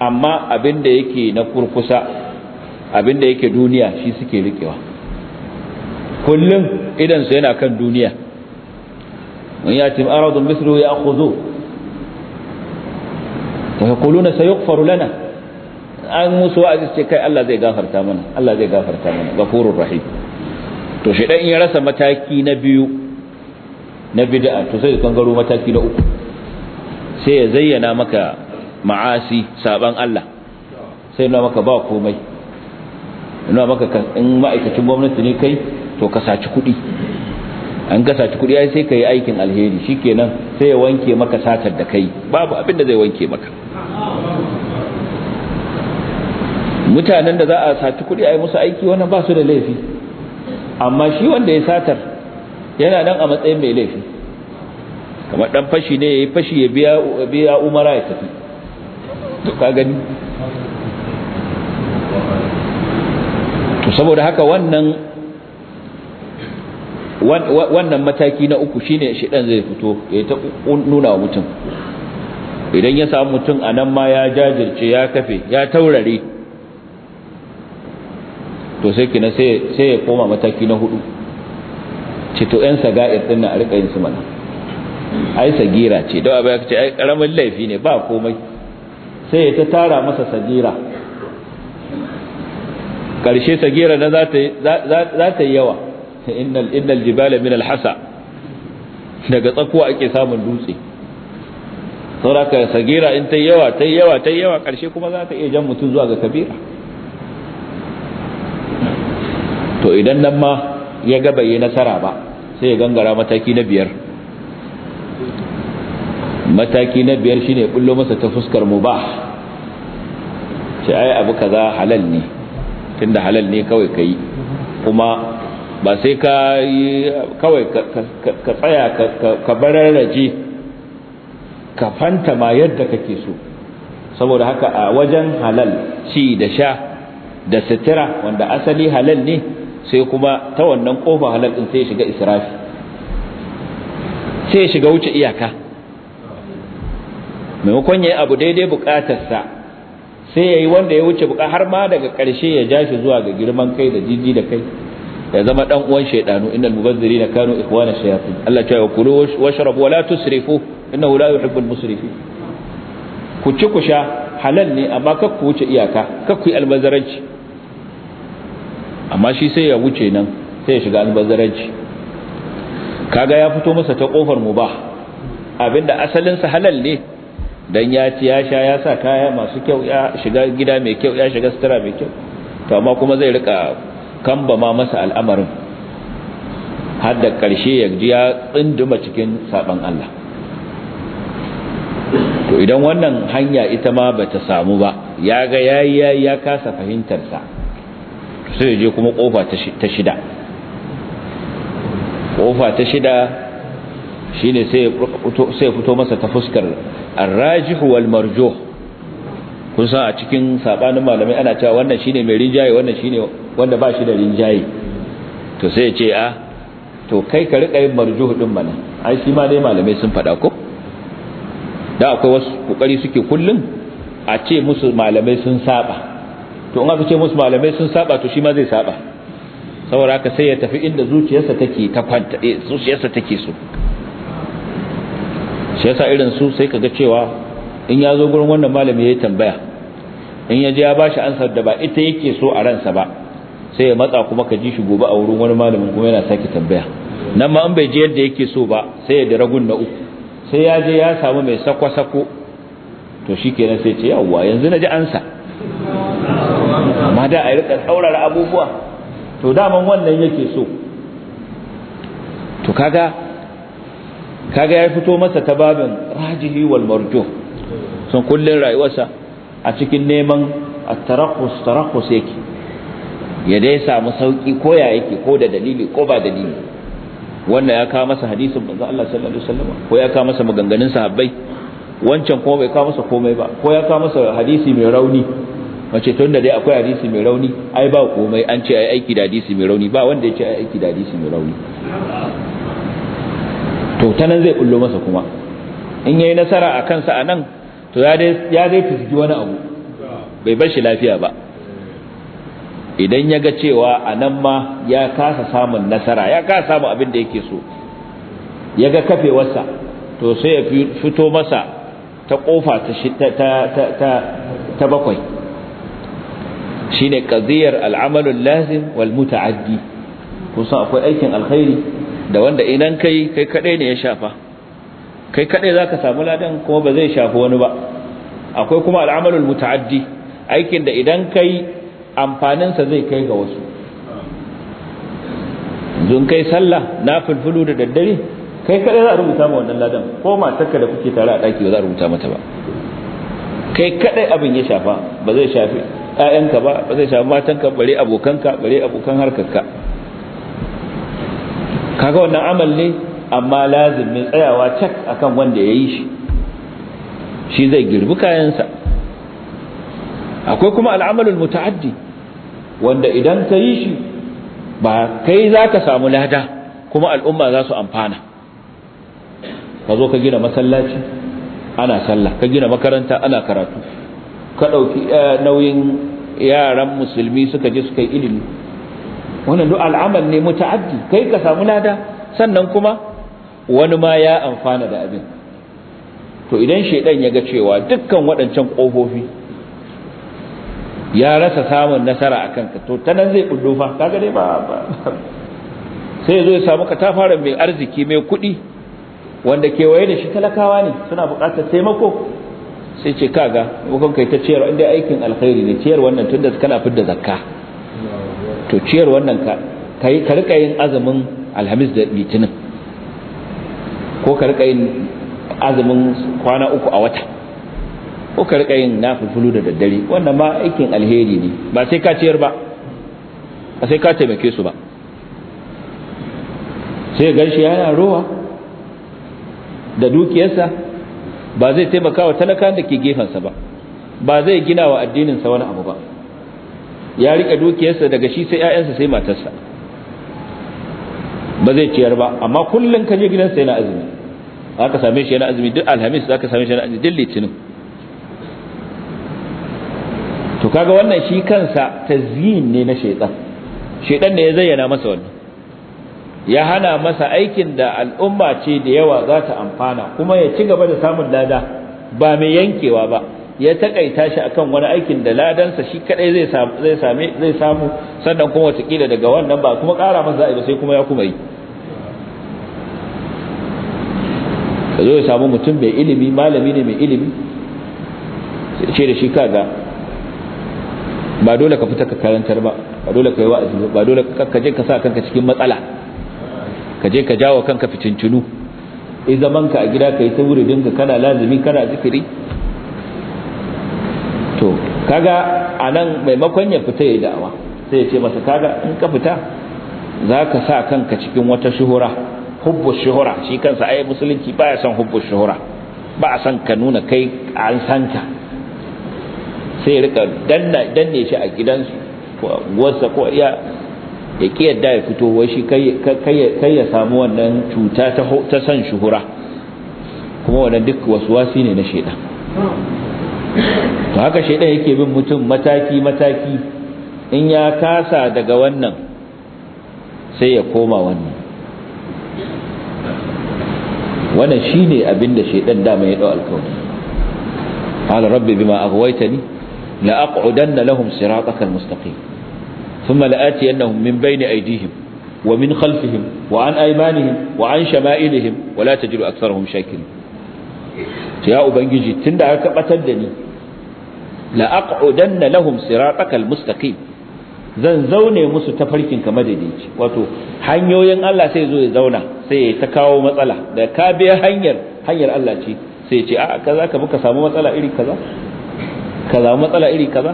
amma abin da yake na kurkusa abin da yake duniya shi suke rikewa kullum idansu yana kan duniya mun ya ce aradun misru ya khuzu ta kuluna sayughfaru lana an musu wa'azi ce kai Allah zai gafarta mana Allah zai gafarta mana gafurur rahim to shi dan ya rasa mataki na biyu na bid'a to sai kan garo mataki na uku sai ya zayyana maka ma'asi saban Allah sai nuna maka ba komai nuna maka in ma'aikacin gwamnati ne kai to ka saci kuɗi an ka saci kuɗi ai sai ka yi aikin alheri shikenan sai ya wanke maka satar da kai babu abin da zai wanke maka mutanen da za a saci kuɗi ai musu aiki wannan ba su da laifi amma shi wanda ya satar yana nan a matsayin mai laifi kamar dan fashi ne ya yi fashi ya biya umara ya tafi to ka gani to saboda haka wannan wannan mataki na uku shine shedan zai fito ya ta nuna wa mutum idan ya samu mutum a nan ma ya jajirce ya kafe ya taurare to sai kina sai ya koma mataki na hudu ce to yan saga'ir din na a rika yin su mana ai sagira ce dawa ba ya ce ai karamin laifi ne ba komai sai ya ta tara masa sagira ƙarshe sagira na za ta yi yawa innal jibala min alhasa daga tsakuwa ake samun dutse sauraka sagira in ta yi yawa ta yawa ta yawa ƙarshe kuma za ta iya jan mutum zuwa ga kabira to idan nan ma ya gaba bai yi nasara ba sai ya gangara mataki na biyar mataki na biyar shine bullo masa ta fuskar mubah sai ai abu kaza halal ne tunda halal ne kawai kai kuma ba sai ka kawai ka tsaya ka bararraje ka fanta ma yadda kake so saboda haka a wajen halal ci da sha da sitira wanda asali halal ne sai kuma ta wannan kofa halal din sai shiga israfi sai shiga wuce iyaka maimakon ya yi abu daidai bukatarsa sai ya yi wanda ya wuce buka har ma daga ƙarshe ya ja shi zuwa ga girman kai da jiji da kai ya zama dan uwan shaydanu innal mubazzirina kanu ikhwana shayatin Allah ya ce wa kulu washrabu wa la tusrifu innahu la musu musrifin ku ci ku sha halal ne amma kar ku wuce iyaka kar ku yi albazaranci amma shi sai ya wuce nan sai ya shiga albazaranci kaga ya fito masa ta kofar mubah abinda asalin sa halal ne dan ya ci ya sha ya sa kaya masu kyau ya shiga gida mai kyau ya shiga sutura mai kyau to amma kuma zai rika kamba ma masa al'amarin har da ƙarshe ya ji ya tsinduma cikin saban Allah to idan wannan hanya ita ma bata samu ba ya ga ya yayi ya kasa fahimtar sa sai je kuma kofa ta shida kofa ta shida shine sai ya fito masa ta fuskar ar-rajih wal marjuh kun san a cikin sabanin malamai ana cewa wannan shine mai rinjaye wannan shine wanda ba shi da rinjaye to sai ya ce a ah, to kai ka rika yin marjuh din mana ai shi ma dai malamai sun fada ko da akwai wasu kokari suke kullun a ce musu malamai sun saba to in aka ce musu malamai sun saba to shi ma zai saba saboda haka sai ya tafi inda zuciyarsa take ta kwanta eh zuciyarsa take so shi yasa irin su sai kaga cewa in ya zo gurin wannan malami ya yi tambaya in ya je ya bashi ansar da ba ita yake so a ransa ba sai ya matsa kuma ka ji shi gobe a wurin wani malamin kuma yana sake tambaya nan ma an bai je yadda yake so ba sai ya da ragun na uku sai ya je ya samu mai sako-sako to shi kenan sai ce yawwa yanzu na ji ansa amma da a rika tsaurara abubuwa to daman wannan yake so to kaga kaga ya fito masa ta babin rajihi wal marjuh sun kullun rayuwarsa a cikin neman at-taraqqus taraqqus yake ya dai samu sauki ko ya yake ko da dalili ko ba dalili wannan ya kawo masa hadisin manzo Allah sallallahu alaihi wasallam ko ya kawo masa maganganun sahabbai wancan ko bai kawo masa komai ba ko ya kawo masa hadisi mai rauni wace tun da dai akwai hadisi mai rauni ai ba komai an ce ai aiki da hadisi mai rauni ba wanda ya ce ai aiki da hadisi mai rauni to ta nan zai bullo masa kuma in yayi nasara a kansa a nan to ya zai fizgi wani abu bai bar shi lafiya ba idan ya ga cewa a nan ma ya kasa samun nasara ya kasa samun abin da yake so ya ga kafewarsa to sai ya fito masa ta kofa ta bakwai shine qadiyar al'amalul lazim wal mutaaddi Kusa akwai aikin alkhairi da wanda idan kai kai kadai ne ya shafa kai kadai zaka samu ladan kuma ba zai shafi wani ba akwai kuma al'amalul muta'addi aikin da idan kai amfanin sa zai kai ga wasu zun kai sallah na fulfulu da daddare kai kadai za a rubuta ma wannan ladan ko matarka da kuke tare a daki ba za a rubuta mata ba kai kadai abin ya shafa ba zai shafi ƴaƴanka ba ba zai shafi matanka bare abokanka bare abokan harkarka kaga wannan amal ne amma lazim tsayawa cak akan wanda ya yi shi shi zai girbi kayansa akwai kuma al'amalul muta'addi wanda idan ka yi shi ba kai za ka samu lada kuma al'umma za su amfana ka zo ka gina masallaci ana sallah ka gina makaranta ana karatu ka ɗauki eh, nauyin yaran musulmi suka je suka yi ilimi wannan duk al'amal ne muta'addi kai ka samu lada sannan kuma wani ma ya amfana da abin to idan shaidan ya ga cewa dukkan waɗancan ƙofofi ya rasa samun nasara a kanka to ta nan zai kullu fa kaga dai ba sai zo ya samu ka ta fara mai arziki mai kuɗi wanda kewaye da shi talakawa ne suna buƙatar taimako sai ce kaga kai ta ciyar inda aikin alkhairi ne ciyar wannan tunda kana fidda zakka to ciyar wannan ka kai ka rika yin azumin alhamis da litinin ko ka rika yin azumin kwana uku a wata ko ka rika yin nafilfulu da daddare wannan ma aikin alheri ne ba sai ka ciyar ba ba sai ka taimake su ba sai shi yana rowa da dukiyarsa ba zai taimaka wa talakan da ke gefensa ba ba zai gina wa addininsa wani abu ba ya rika dukiyarsa daga shi sai ƴaƴansa sai matarsa ba zai ciyar ba amma kullun ka je gidansa yana azumi aka same shi yana azumi duk alhamis ka same shi yana azumi duk litinin to kaga wannan shi kansa tazyin ne na shaytan shaytan ne ya zayyana masa wannan ya hana masa aikin da al'umma ce da yawa za ta amfana kuma ya ci gaba da samun lada ba mai yankewa ba ya takaita shi akan wani aikin da ladansa shi kadai zai zai same zai samu sannan kuma watakila daga wannan ba kuma ƙara masa za'i ba sai kuma ya kuma yi ka zo ya samu mutum mai ilimi malami ne mai ilimi sai ce da shi kaga ba dole ka fita ka karantar ba ba dole ka yi wa'azi ba dole ka je ka sa kanka cikin matsala ka je ka jawo kanka fitintunu in manka a gida ka yi ta dinka kana lazimi kana zikiri to kaga anan maimakon ya fita ya dawa sai ya ce masa kaga in ka fita za ka sa kanka cikin wata shuhura hubbu shuhura shi kansa ai musulunci ba ya son hubbu shuhura ba a san ka nuna kai an san ka sai rika danna danne shi a gidansu ko wasa ko ya ya ki yadda ya fito wai shi kai ya samu wannan cuta ta san shuhura kuma wannan duk wasu wasi ne na shaidan to haka shaidan yake bin mutum mataki mataki in ya kasa daga wannan sai ya koma wannan wannan shine abin da shaidan dama ya dau alkawari qala rabbi bima aghwaytani la aq'udanna lahum sirataka almustaqim thumma la'atiyannahum min bayni aydihim ومن خلفهم وعن أيمانهم وعن شمائلهم ولا تجد أكثرهم شاكرين يا أبنجي da ni. la'aqudanna lahum siratakal mustaqim zan zaune musu tafarkin ka madaidaici wato hanyoyin Allah sai zo ya zauna sai ya ta kawo matsala da ka biya hanyar hanyar Allah ce sai ya ce a kaza ka buka samu matsala iri kaza ka samu matsala iri kaza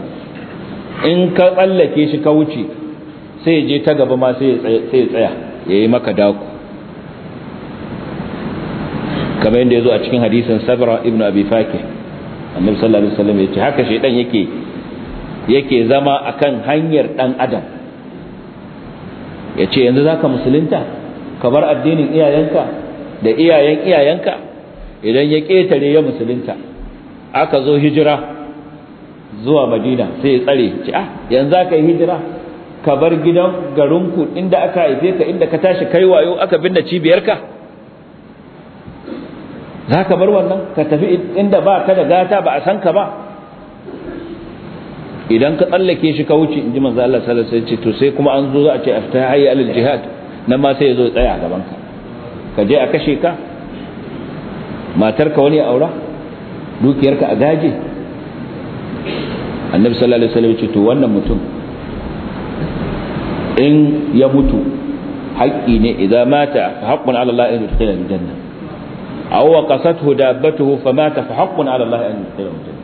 in ka tsallake shi ka wuce sai je ta gaba ma sai ya tsaya ya yi maka daku kamar yadda ya zo a cikin hadisin sabra ibn abi fakih annabi sallallahu alaihi wasallam yace haka shaydan yake yake zama akan hanyar dan adam Yace yanzu zaka musulunta ka bar addinin iyayenka da iyayen iyayenka idan ya ketare ya musulunta aka zo hijira zuwa madina sai ya tsare ce ah yanzu aka yi hijira ka bar gidan garinku inda aka haife ka inda ka tashi kai wayo aka binne cibiyarka za ka bar wannan ka tafi inda ba ka da gata ba a san ka ba idan ka tsallake shi ka wuce in ji manzo Allah sallallahu alaihi wasallam to sai kuma an zo za a ce afta hayya alal jihad nan ma sai ya zo tsaya gaban ka ka je a kashe ka matar ka wani aura dukiyar ka a gaje annabi sallallahu alaihi wasallam ce to wannan mutum in ya mutu haƙƙi ne idan mata haqqun ala Allah an yudkhila aljanna aw waqasathu dabbatuhu famata fa haqqun ala Allah an yusira mutum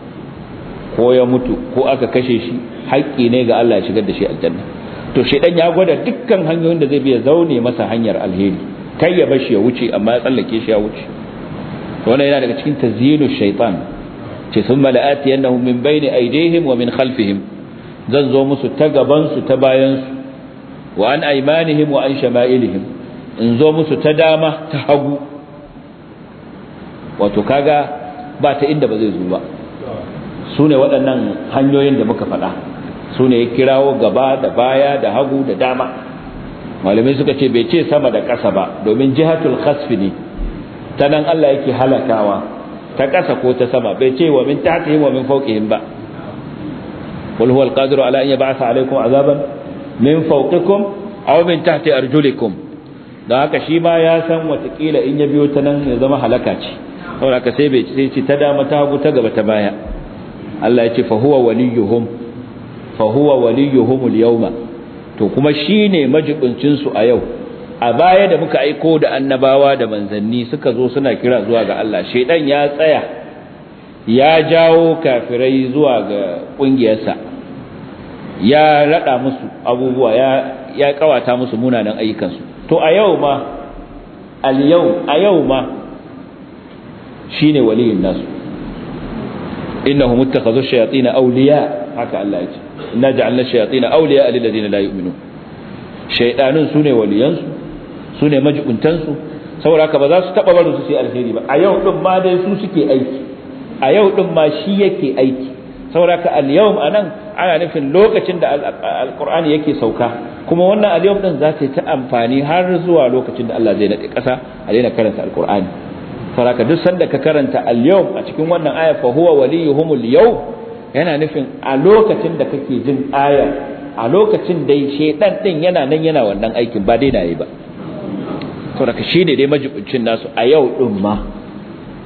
ko ya mutu ko aka kashe shi haƙƙi ne ga Allah ya shigar da shi aljanna to shedan ya gwada dukkan hanyoyin da zai bi ya zaune masa hanyar alheri kai ya bashi ya wuce amma ya tsallake shi ya wuce wannan yana daga cikin tazyinu shaytan ce thumma la'ati annahum min bayni aydihim wa min khalfihim zan zo musu ta gaban su ta bayan su wa an aymanihim wa an shama'ilihim in zo musu ta dama ta hagu wato kaga ba ta inda ba zai zo su ne waɗannan hanyoyin da muka faɗa su ne kirawo gaba da baya da hagu da dama malamai suka ce bai ce sama da ƙasa ba domin jihatul khasfi ne ta nan Allah yake halakawa ta ƙasa ko ta sama bai ce wa min tahtihim wa min fawqihim ba qul huwal qadiru ala an yab'atha alaykum azaban min fawqikum aw min tahti arjulikum da haka shi ma ya san watakila in ya biyo ta nan ya zama halaka ce saboda ka sai bai sai ce ta dama ta hagu ta gaba ta baya Allah ya ce fa huwa waliyuhum fa huwa waliyuhum al-yawma to kuma shine majibincin su a yau a baya da muka aiko da annabawa da manzanni suka zo suna kira zuwa ga Allah shedan ya tsaya ya jawo kafirai zuwa ga kungiyarsa ya rada musu abubuwa ya ya kawata musu munanan ayyukansu to a yau ma al-yau a yau ma Shi shine waliyin nasu innahum ittakhadhu shayatin auliya haka Allah ya ce na ja'alna shayatin awliya lil ladina la yu'minun su ne waliyansu su ne majibuntansu saboda haka ba za su taba barin su sai alheri ba a yau din ma dai su suke aiki a yau din ma shi yake aiki saboda haka al-yawm anan ana nufin lokacin da alqur'ani yake sauka kuma wannan al-yawm din za ta yi ta amfani har zuwa lokacin da Allah zai nade kasa a daina karanta alqur'ani faraka duk sanda ka karanta al-yawm a cikin wannan aya fa huwa waliyuhum al-yawm yana nufin a lokacin da kake jin aya a lokacin dai shedan din yana nan yana wannan aikin ba dai nayi ba saboda ka ne dai majibincin nasu a yau din ma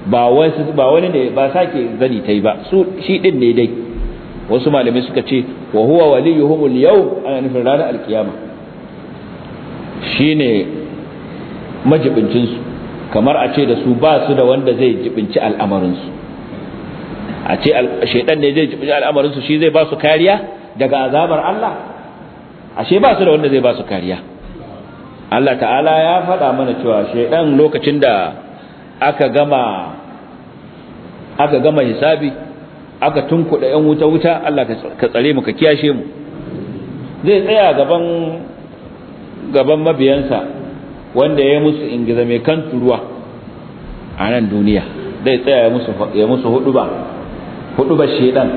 ba wani ba wani ne ba sake zani tai ba su shi din ne dai wasu malamai suka ce wa huwa waliyuhum al-yawm ana nufin ranar alkiyama shine majibincin su kamar a ce da su ba su da wanda zai jibinci al'amarinsu a ce shaidan ne zai jibinci al'amarinsu shi zai ba su kariya daga azabar Allah ashe ba su da wanda zai ba su kariya Allah ta'ala ya faɗa mana cewa shaidan lokacin da aka gama aka gama hisabi aka tunkuɗa ‘yan wuta-wuta Allah ka tsare mu ka kiyashe mu zai tsaya gaban mabiyansa wanda ya musu ingiza mai kan turuwa a nan duniya zai tsaya ya musu hudu ba hudu ba shaidan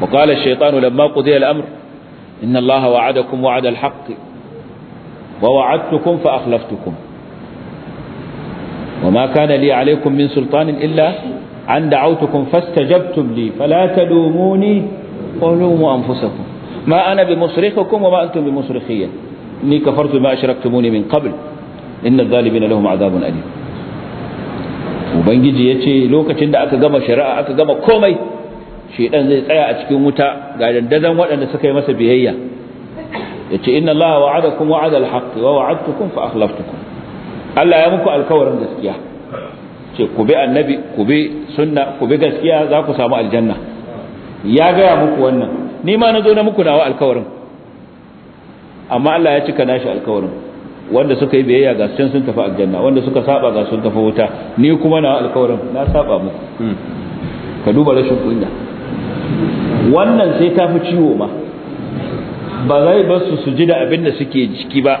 wa qala ash-shaytanu lamma qudiya al-amr inna allaha wa'adakum wa'ada al-haqq wa wa'adtukum fa akhlaftukum وما كان لي عليكم من سلطان إلا أن دعوتكم فاستجبتم لي فلا تلوموني ولوموا أنفسكم ما أنا بمصرخكم وما أنتم بمصرخية إني كفرت ما أشركتموني min قبل innal zalimin lahum azabun alim ubangiji yace lokacin da aka gama shari'a aka gama komai shedan zai tsaya a cikin wuta ga dandazan waɗanda suka yi masa biyayya yace inna allaha wa'adakum wa'ada al-haqq wa wa'adtukum fa akhlaftukum Allah ya muku alkawarin gaskiya ce ku bi annabi ku bi sunna ku bi gaskiya za ku samu aljanna ya gaya muku wannan ni ma na zo na muku nawa alkawarin amma Allah ya cika nashi alkawarin wanda suka yi biyayya ga can sun tafi aljanna wanda suka saba ga sun tafi wuta ni kuma na alkawarin na saba muku hmm. ka duba rashin kunya wannan sai ta fi ciwo ma ba zai ba su su ji da abin da suke ciki ba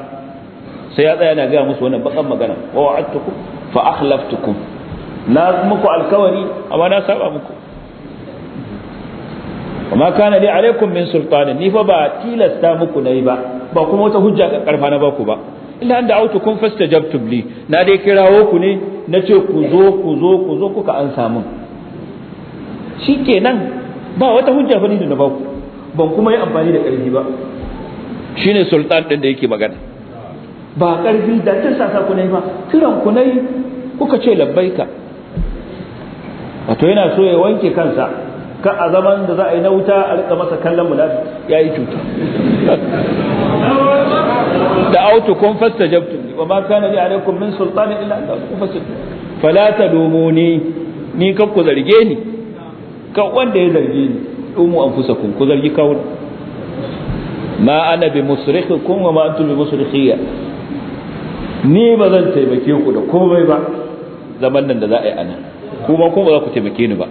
sai ya tsaya na gaya musu wannan bakan magana wa wa'adtukum fa akhlaftukum na muku alkawari amma na saba muku amma kana li alaikum min sultani ni fa ba tilasta muku nayi ba ba kuma wata hujja ga karfa na baku ba illa an kun fastajabtum li na dai kirawo ku ne na ce ku zo ku zo ku zo kuka an samu shikenan ba wata hujja bane ni da ba ku ban kuma yi amfani da ƙarfi ba shine sultan din da yake magana ba ƙarfi da ta sasa ku ne ba kiran ku ne kuka ce labbaika wato yana so ya wanke kansa ka a zaman da za a yi na wuta a rika masa kallon ya yi cuta kun da'autukum jabtu, wa ma kana li alaikum min sultani illa an da'utukum fastajabtum fala tadumuni ni kan ku zarge ni kan wanda ya zarge ni dumu anfusakum ku zargi kawun ma ana bi musrikhikum wa ma antum bi musrikhiyya ni ba zan taimake ku da komai ba zaman nan da za a yi ana, kuma kuma ba za ku taimake ni ba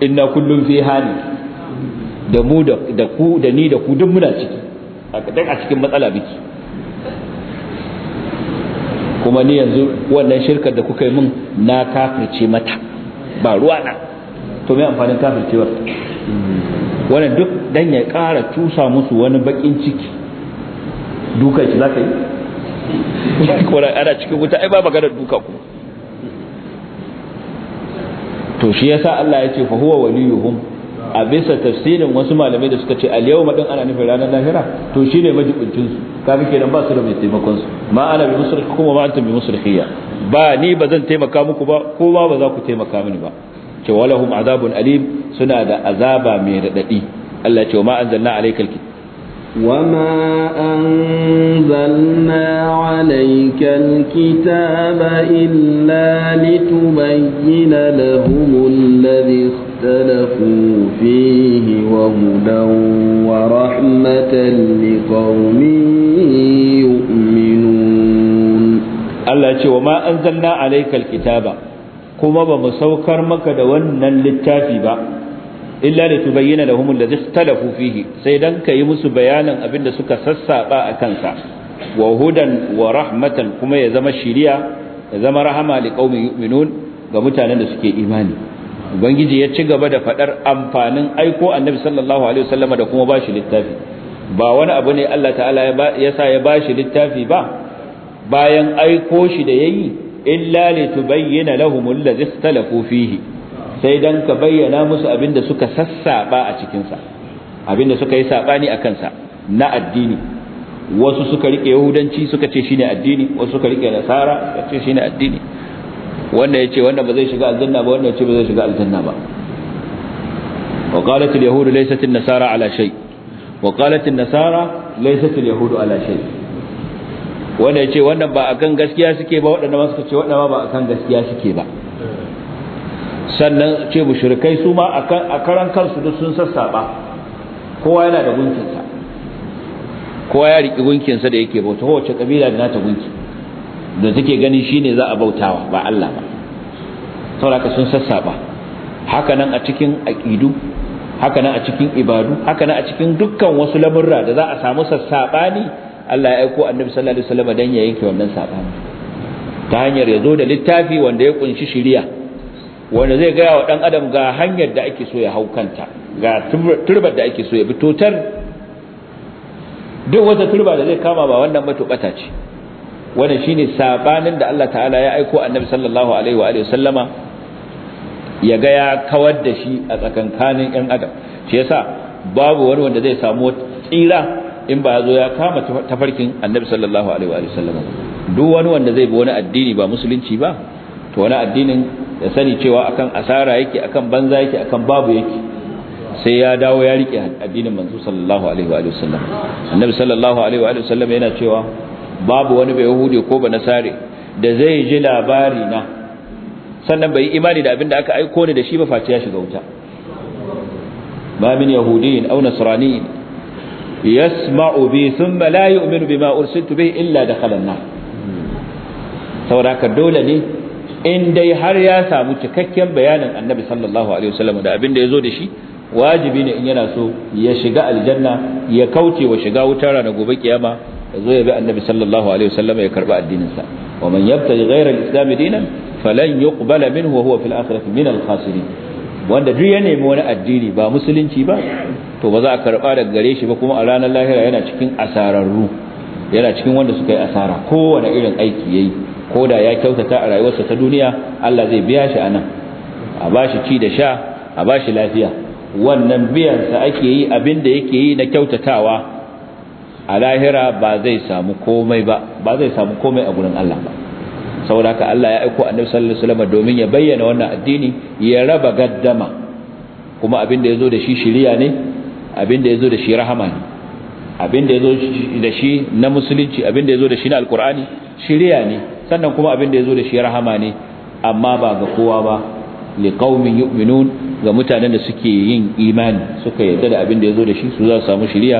inna kullum fi hali da mu da ku da ni da ku duk muna ciki dan a cikin matsala biki kuma ni yanzu wannan shirkar da kuka yi min na kafirce mata ba ruwa na to me amfanin kafircewar wannan duk dan ya ƙara cusa musu wani bakin ciki dukan shi zaka yi kora ana cikin wuta ai ba magana duka kuma to shi yasa Allah ya ce fa huwa waliyuhum a bisa tafsirin wasu malamai da suka ce al yau madan ana nufin ranar lahira to shine majibincin su kaga kenan ba su da mai taimakon su ma ana bi musulhi kuma ma antum bi ba ni ba zan taimaka muku ba ko ba za ku taimaka mini ba ce walahum azabun alim suna da azaba mai radadi Allah ce wa ma anzalna alaykal وما أنزلنا عليك الكتاب إلا لتبين لهم الذي اختلفوا فيه وهدى ورحمة لقوم يؤمنون الله وما أنزلنا عليك الكتاب كما بمسوكر مكة ونن للتافي بقى illa li tubayyana lahum alladhi ikhtalafu fihi sai dan kai musu bayanin abinda suka sassaɓa a kansa wa hudan wa rahmatan kuma ya zama shiriya ya zama rahama da qaumin yu'minun ga mutanen da suke imani ubangiji ya ci gaba da faɗar amfanin aiko annabi sallallahu alaihi wasallam da kuma bashi littafi ba wani abu ne Allah ta'ala ya sa ya bashi littafi ba bayan aiko shi da yayi illa li tubayyana lahum alladhi ikhtalafu fihi sai dan ka bayyana musu abin da suka sassaba a cikinsa abin da suka yi sabani a kansa na addini wasu suka rike yahudanci suka ce shine addini wasu suka rike nasara suka ce shine addini wanda yace wanda ba zai shiga aljanna ba wanda yace ba zai shiga aljanna ba wa qalat al yahud laysat al nasara ala shay wa qalat al nasara laysat al yahud ala shay wanda yace wannan ba akan gaskiya suke ba wadanda ma suka ce wadanda ba akan gaskiya suke ba sannan ce bushirkai su ma a karan kansu duk sun sassaba kowa yana da gunkinsa kowa ya riƙi gunkinsa da yake bauta kowace kabila da nata gunki da take ganin shine za a bautawa ba Allah ba saboda sun sassaba haka nan a cikin aƙidu haka nan a cikin ibadu haka nan a cikin dukkan wasu lamurra da za a samu ne Allah ya aiko annabi sallallahu alaihi wasallam dan ya yanke wannan sabani ta hanyar ya zo da littafi wanda ya kunshi shari'a wanda zai gaya wa ɗan adam ga hanyar da ake so ya hau kanta ga turbar da ake so ya bi duk wata turba da zai kama ba wannan matubata ce wannan shine sabanin da Allah ta'ala ya aiko annabi sallallahu alaihi wa alihi sallama ya ga ya kawar da shi a tsakankanin ɗan adam shi yasa babu wani wanda zai samu tsira in ba ya zo ya kama tafarkin annabi sallallahu alaihi wa sallama duk wani wanda zai bi wani addini ba musulunci ba to wani addinin ya sani cewa akan asara yake akan banza yake akan babu yake sai ya dawo ya rike addinin manzo sallallahu alaihi wa annabi sallallahu alaihi wa sallam yana cewa babu wani bai yahudi ko ba nasare da zai ji labari na sannan bai imani da abin da aka aiko ni da shi ba face ya shiga wuta ba min yahudiyin aw nasraniyin yasma'u bi thumma la yu'minu bima ursiltu bihi illa dakhala an-nar saboda dole ne in dai har ya samu cikakken bayanin annabi sallallahu alaihi wasallam da abin da ya zo da shi wajibi ne in yana so ya shiga aljanna ya kauce wa shiga wutar ranar gobe kiyama ya zo ya bi annabi sallallahu alaihi wasallam ya karba addininsa wa man yabtaji ghayra al-islam dinan falan yuqbala minhu wa huwa fil akhirati min al-khasirin wanda duk ya nemi wani addini ba musulunci ba to ba za a karba daga gare shi ba kuma a ranar lahira yana cikin asararru yana cikin wanda suka yi asara kowane irin aiki yayi ko da ya kyautata a rayuwarsa ta duniya Allah zai biya shi anan a ba shi ci da sha a ba shi lafiya wannan biyan ake yi abinda yake yi na kyautatawa a lahira ba zai samu komai ba ba zai samu komai a gurin Allah ba saboda haka Allah ya aiko Annabi sallallahu alaihi wasallam domin ya bayyana wannan addini ya raba gaddama kuma abin da yazo da shi shiriya ne abin da yazo da shi rahama ne abin da yazo da shi na musulunci abinda da yazo da shi na alqur'ani shiriya ne sannan kuma abin da ya zo da shi rahama ne amma ba ga kowa ba liqaumin yu'minun ga mutanen da suke yin imani suka yarda da abin da ya zo da shi su za su samu shiriya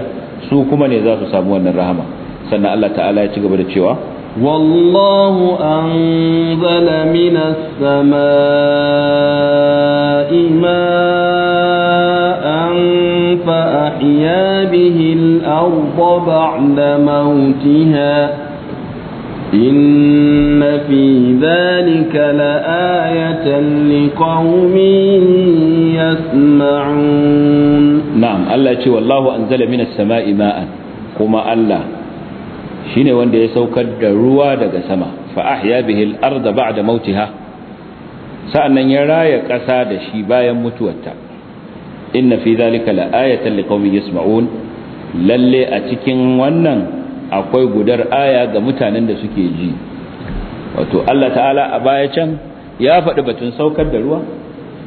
su kuma ne za su samu wannan rahama sannan Allah ta'ala ya ci gaba da cewa والله أنزل من السماء ماء فأحيا به الأرض بعد موتها إن في ذلك لآية لقوم يسمعون نعم الله يقول والله أنزل من السماء ماء كما الله shine wanda ya saukar da ruwa daga sama fa ya bihi al-ardh ba'da mautiha sa'annan ya raya ƙasa da shi bayan mutuwarta inna fi dhalika la'ayatan liqaumin yasma'un lalle a cikin wannan akwai gudar aya ga mutanen da suke ji wato Allah ta'ala a baya can ya faɗi batun saukar da ruwa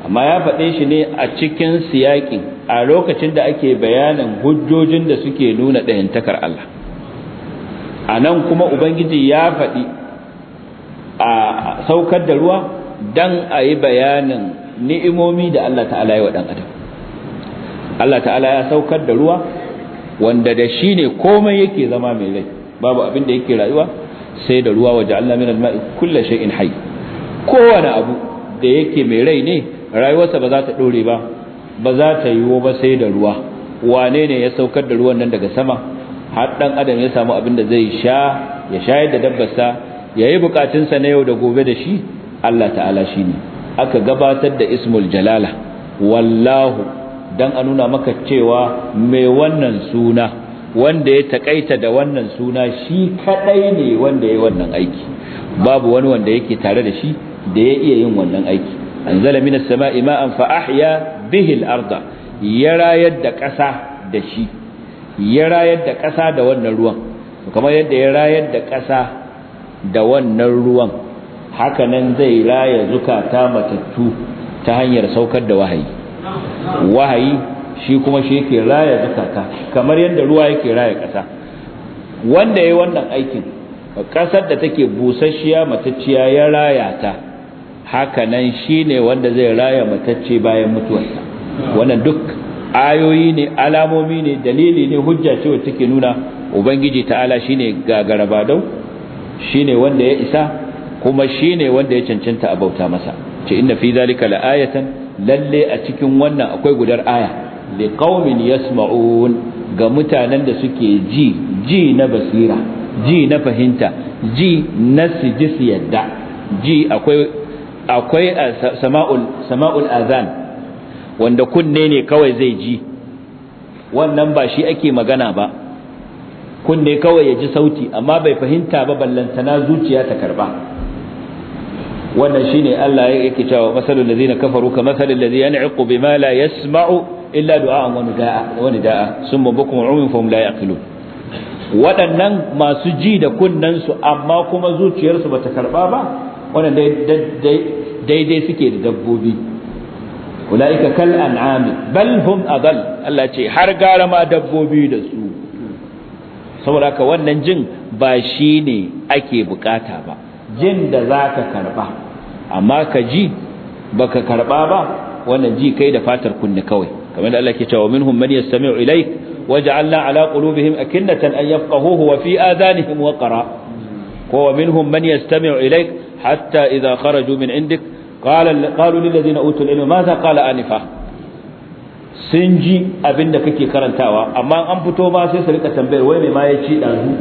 amma ya faɗe shi ne a cikin siyaƙi a lokacin da ake bayanin hujjojin da suke nuna ɗayantakar Allah a nan kuma ubangiji ya faɗi a saukar da ruwa don a yi bayanin ni'imomi da Allah ta'ala ya wa ɗan adam Allah ta'ala ya saukar da ruwa wanda da shi ne komai yake zama mai rai babu abin da yake rayuwa sai da ruwa waje Allah min alma'i kullu shay'in hayy kowane abu da yake mai rai ne rayuwarsa ba za ta dore ba ba za ta yiwo ba sai da ruwa wane ne ya saukar da ruwan nan daga sama har dan adam ya samu abin da zai sha ya shayar da dabbarsa yayi bukatunsa na yau da gobe da shi Allah ta'ala shine aka gabatar da ismul jalala wallahu dan a nuna maka cewa mai wannan suna wanda ya takaita da wannan suna shi kadai ne wanda ya wannan aiki babu wani wanda yake tare da shi da ya iya yin wannan aiki anzala minas sama'i ma'an fa ahya bihi al-arda ya rayar da da shi ya rayar da ƙasa da wannan ruwan kamar yadda ya rayar da ƙasa da wannan ruwan hakanan zai raya zukata matattu ta hanyar saukar da wahayi wahayi shi kuma shi yake raya zukata kamar yadda ruwa yake raya ƙasa wanda ya yi wannan aikin ƙasar da take busasshiya matacciya ya raya ta hakanan nan shi wanda zai raya matacce bayan mutuwarsa wannan duk ayoyi ne alamomi ne dalili ne hujja ce wacce take nuna ubangiji ta'ala shi ne gagarabadau shi wanda ya isa kuma shi wanda ya cancanta a bauta masa ce inna fi zalika la'ayatan lalle a cikin wannan akwai gudar aya qaumin yasma'un ga mutanen da suke ji ji na basira ji na fahimta ji na sijis yadda ji akwai akwai sama'ul sama'ul azan wanda kunne ne kawai zai ji wannan ba shi ake magana ba kunne kawai ya ji sauti amma bai fahimta ba ballantana zuciya ta karba wannan shine Allah ya yake cewa masalul ladina kafaru ka masalul ladhi yan'iqu bima la yasma'u illa du'a'an wa nida'a wa nida'a summa bukum umin fahum la yaqilun waɗannan masu ji da kunnan su amma kuma zuciyarsu bata karba ba wannan daidai suke da dabbobi ulaika kal an'ami bal hum adall Allah ce har gara ma dabbobi da su saboda haka wannan jin ba shine ake bukata ba jin da zaka karba amma ka ji ba ka karɓa ba wannan ji kai da fatar kunni kawai kamar da Allah ke cewa minhum man yastami'u ilayk waj'alna ala qulubihim akinnatan an yafqahuhu wa fi adhanihim waqra ko wa minhum man yastami'u ilayk hatta idha kharaju min indik qala qalu lil ladina utul ilma madha qala anifa sun ji abinda kake karantawa amma an fito ma sai su rika tambayar wai me ma ya ci dazu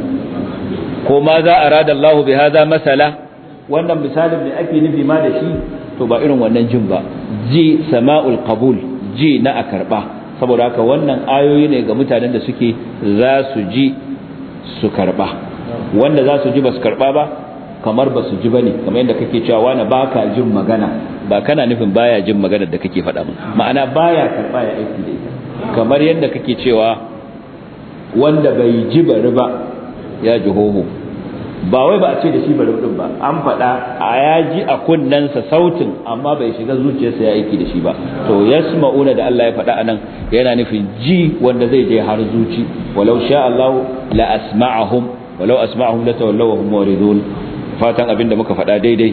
ko ma za arada Allahu bi hadha masala wannan misalin da ake nufi ma da shi to ba irin wannan jin ba ji sama'ul qabul ji na a karba saboda haka wannan ayoyi ne ga mutanen da suke za su ji su karba wanda za su ji ba su karba ba kamar ba su ji ne. kamar yadda kake cewa wani ka jin magana ba kana nufin baya jin magana da kake faɗa ma'ana baya karba ya aiki da ita kamar yadda kake cewa wanda bai ji bari ba ya jihohu ba wai ba a ce da shi bari din ba an faɗa a yaji a kunnensa sautin amma bai shiga zuciyarsa ya aiki da shi ba to yasma'una da Allah ya faɗa anan yana nufin ji wanda zai je har zuci walau sha Allah la asma'ahum walau asma'ahum la tawallaw wa hum muridun fatan abinda muka faɗa daidai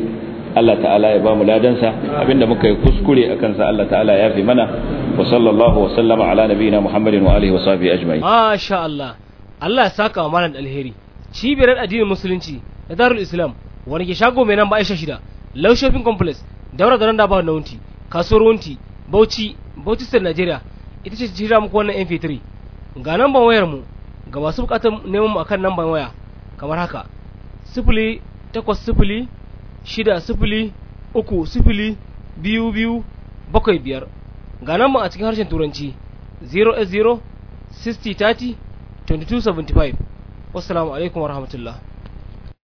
Allah ta'ala ya bamu ladansa abinda muka yi kuskure akan sa Allah ta'ala ya fi mana wa sallallahu wa sallama ala nabiyina Muhammadin wa alihi wa sahbihi ajma'in masha Allah Allah ya saka wa malam alheri cibiyar addinin musulunci da darul islam wani ke shago mai nan ba aisha shida low shopping complex daura da randa ba na wunti kasuwar wunti bauchi bauchi state nigeria ita ce jira muku wannan mp3 ga namban wayar mu ga masu bukatar neman mu akan namban waya kamar haka sifili takwas shida uku sifili biyu biyu bakwai biyar ga nan a cikin harshen turanci 0 0 60 30 22 75 wassalamu alaikum warahmatullahi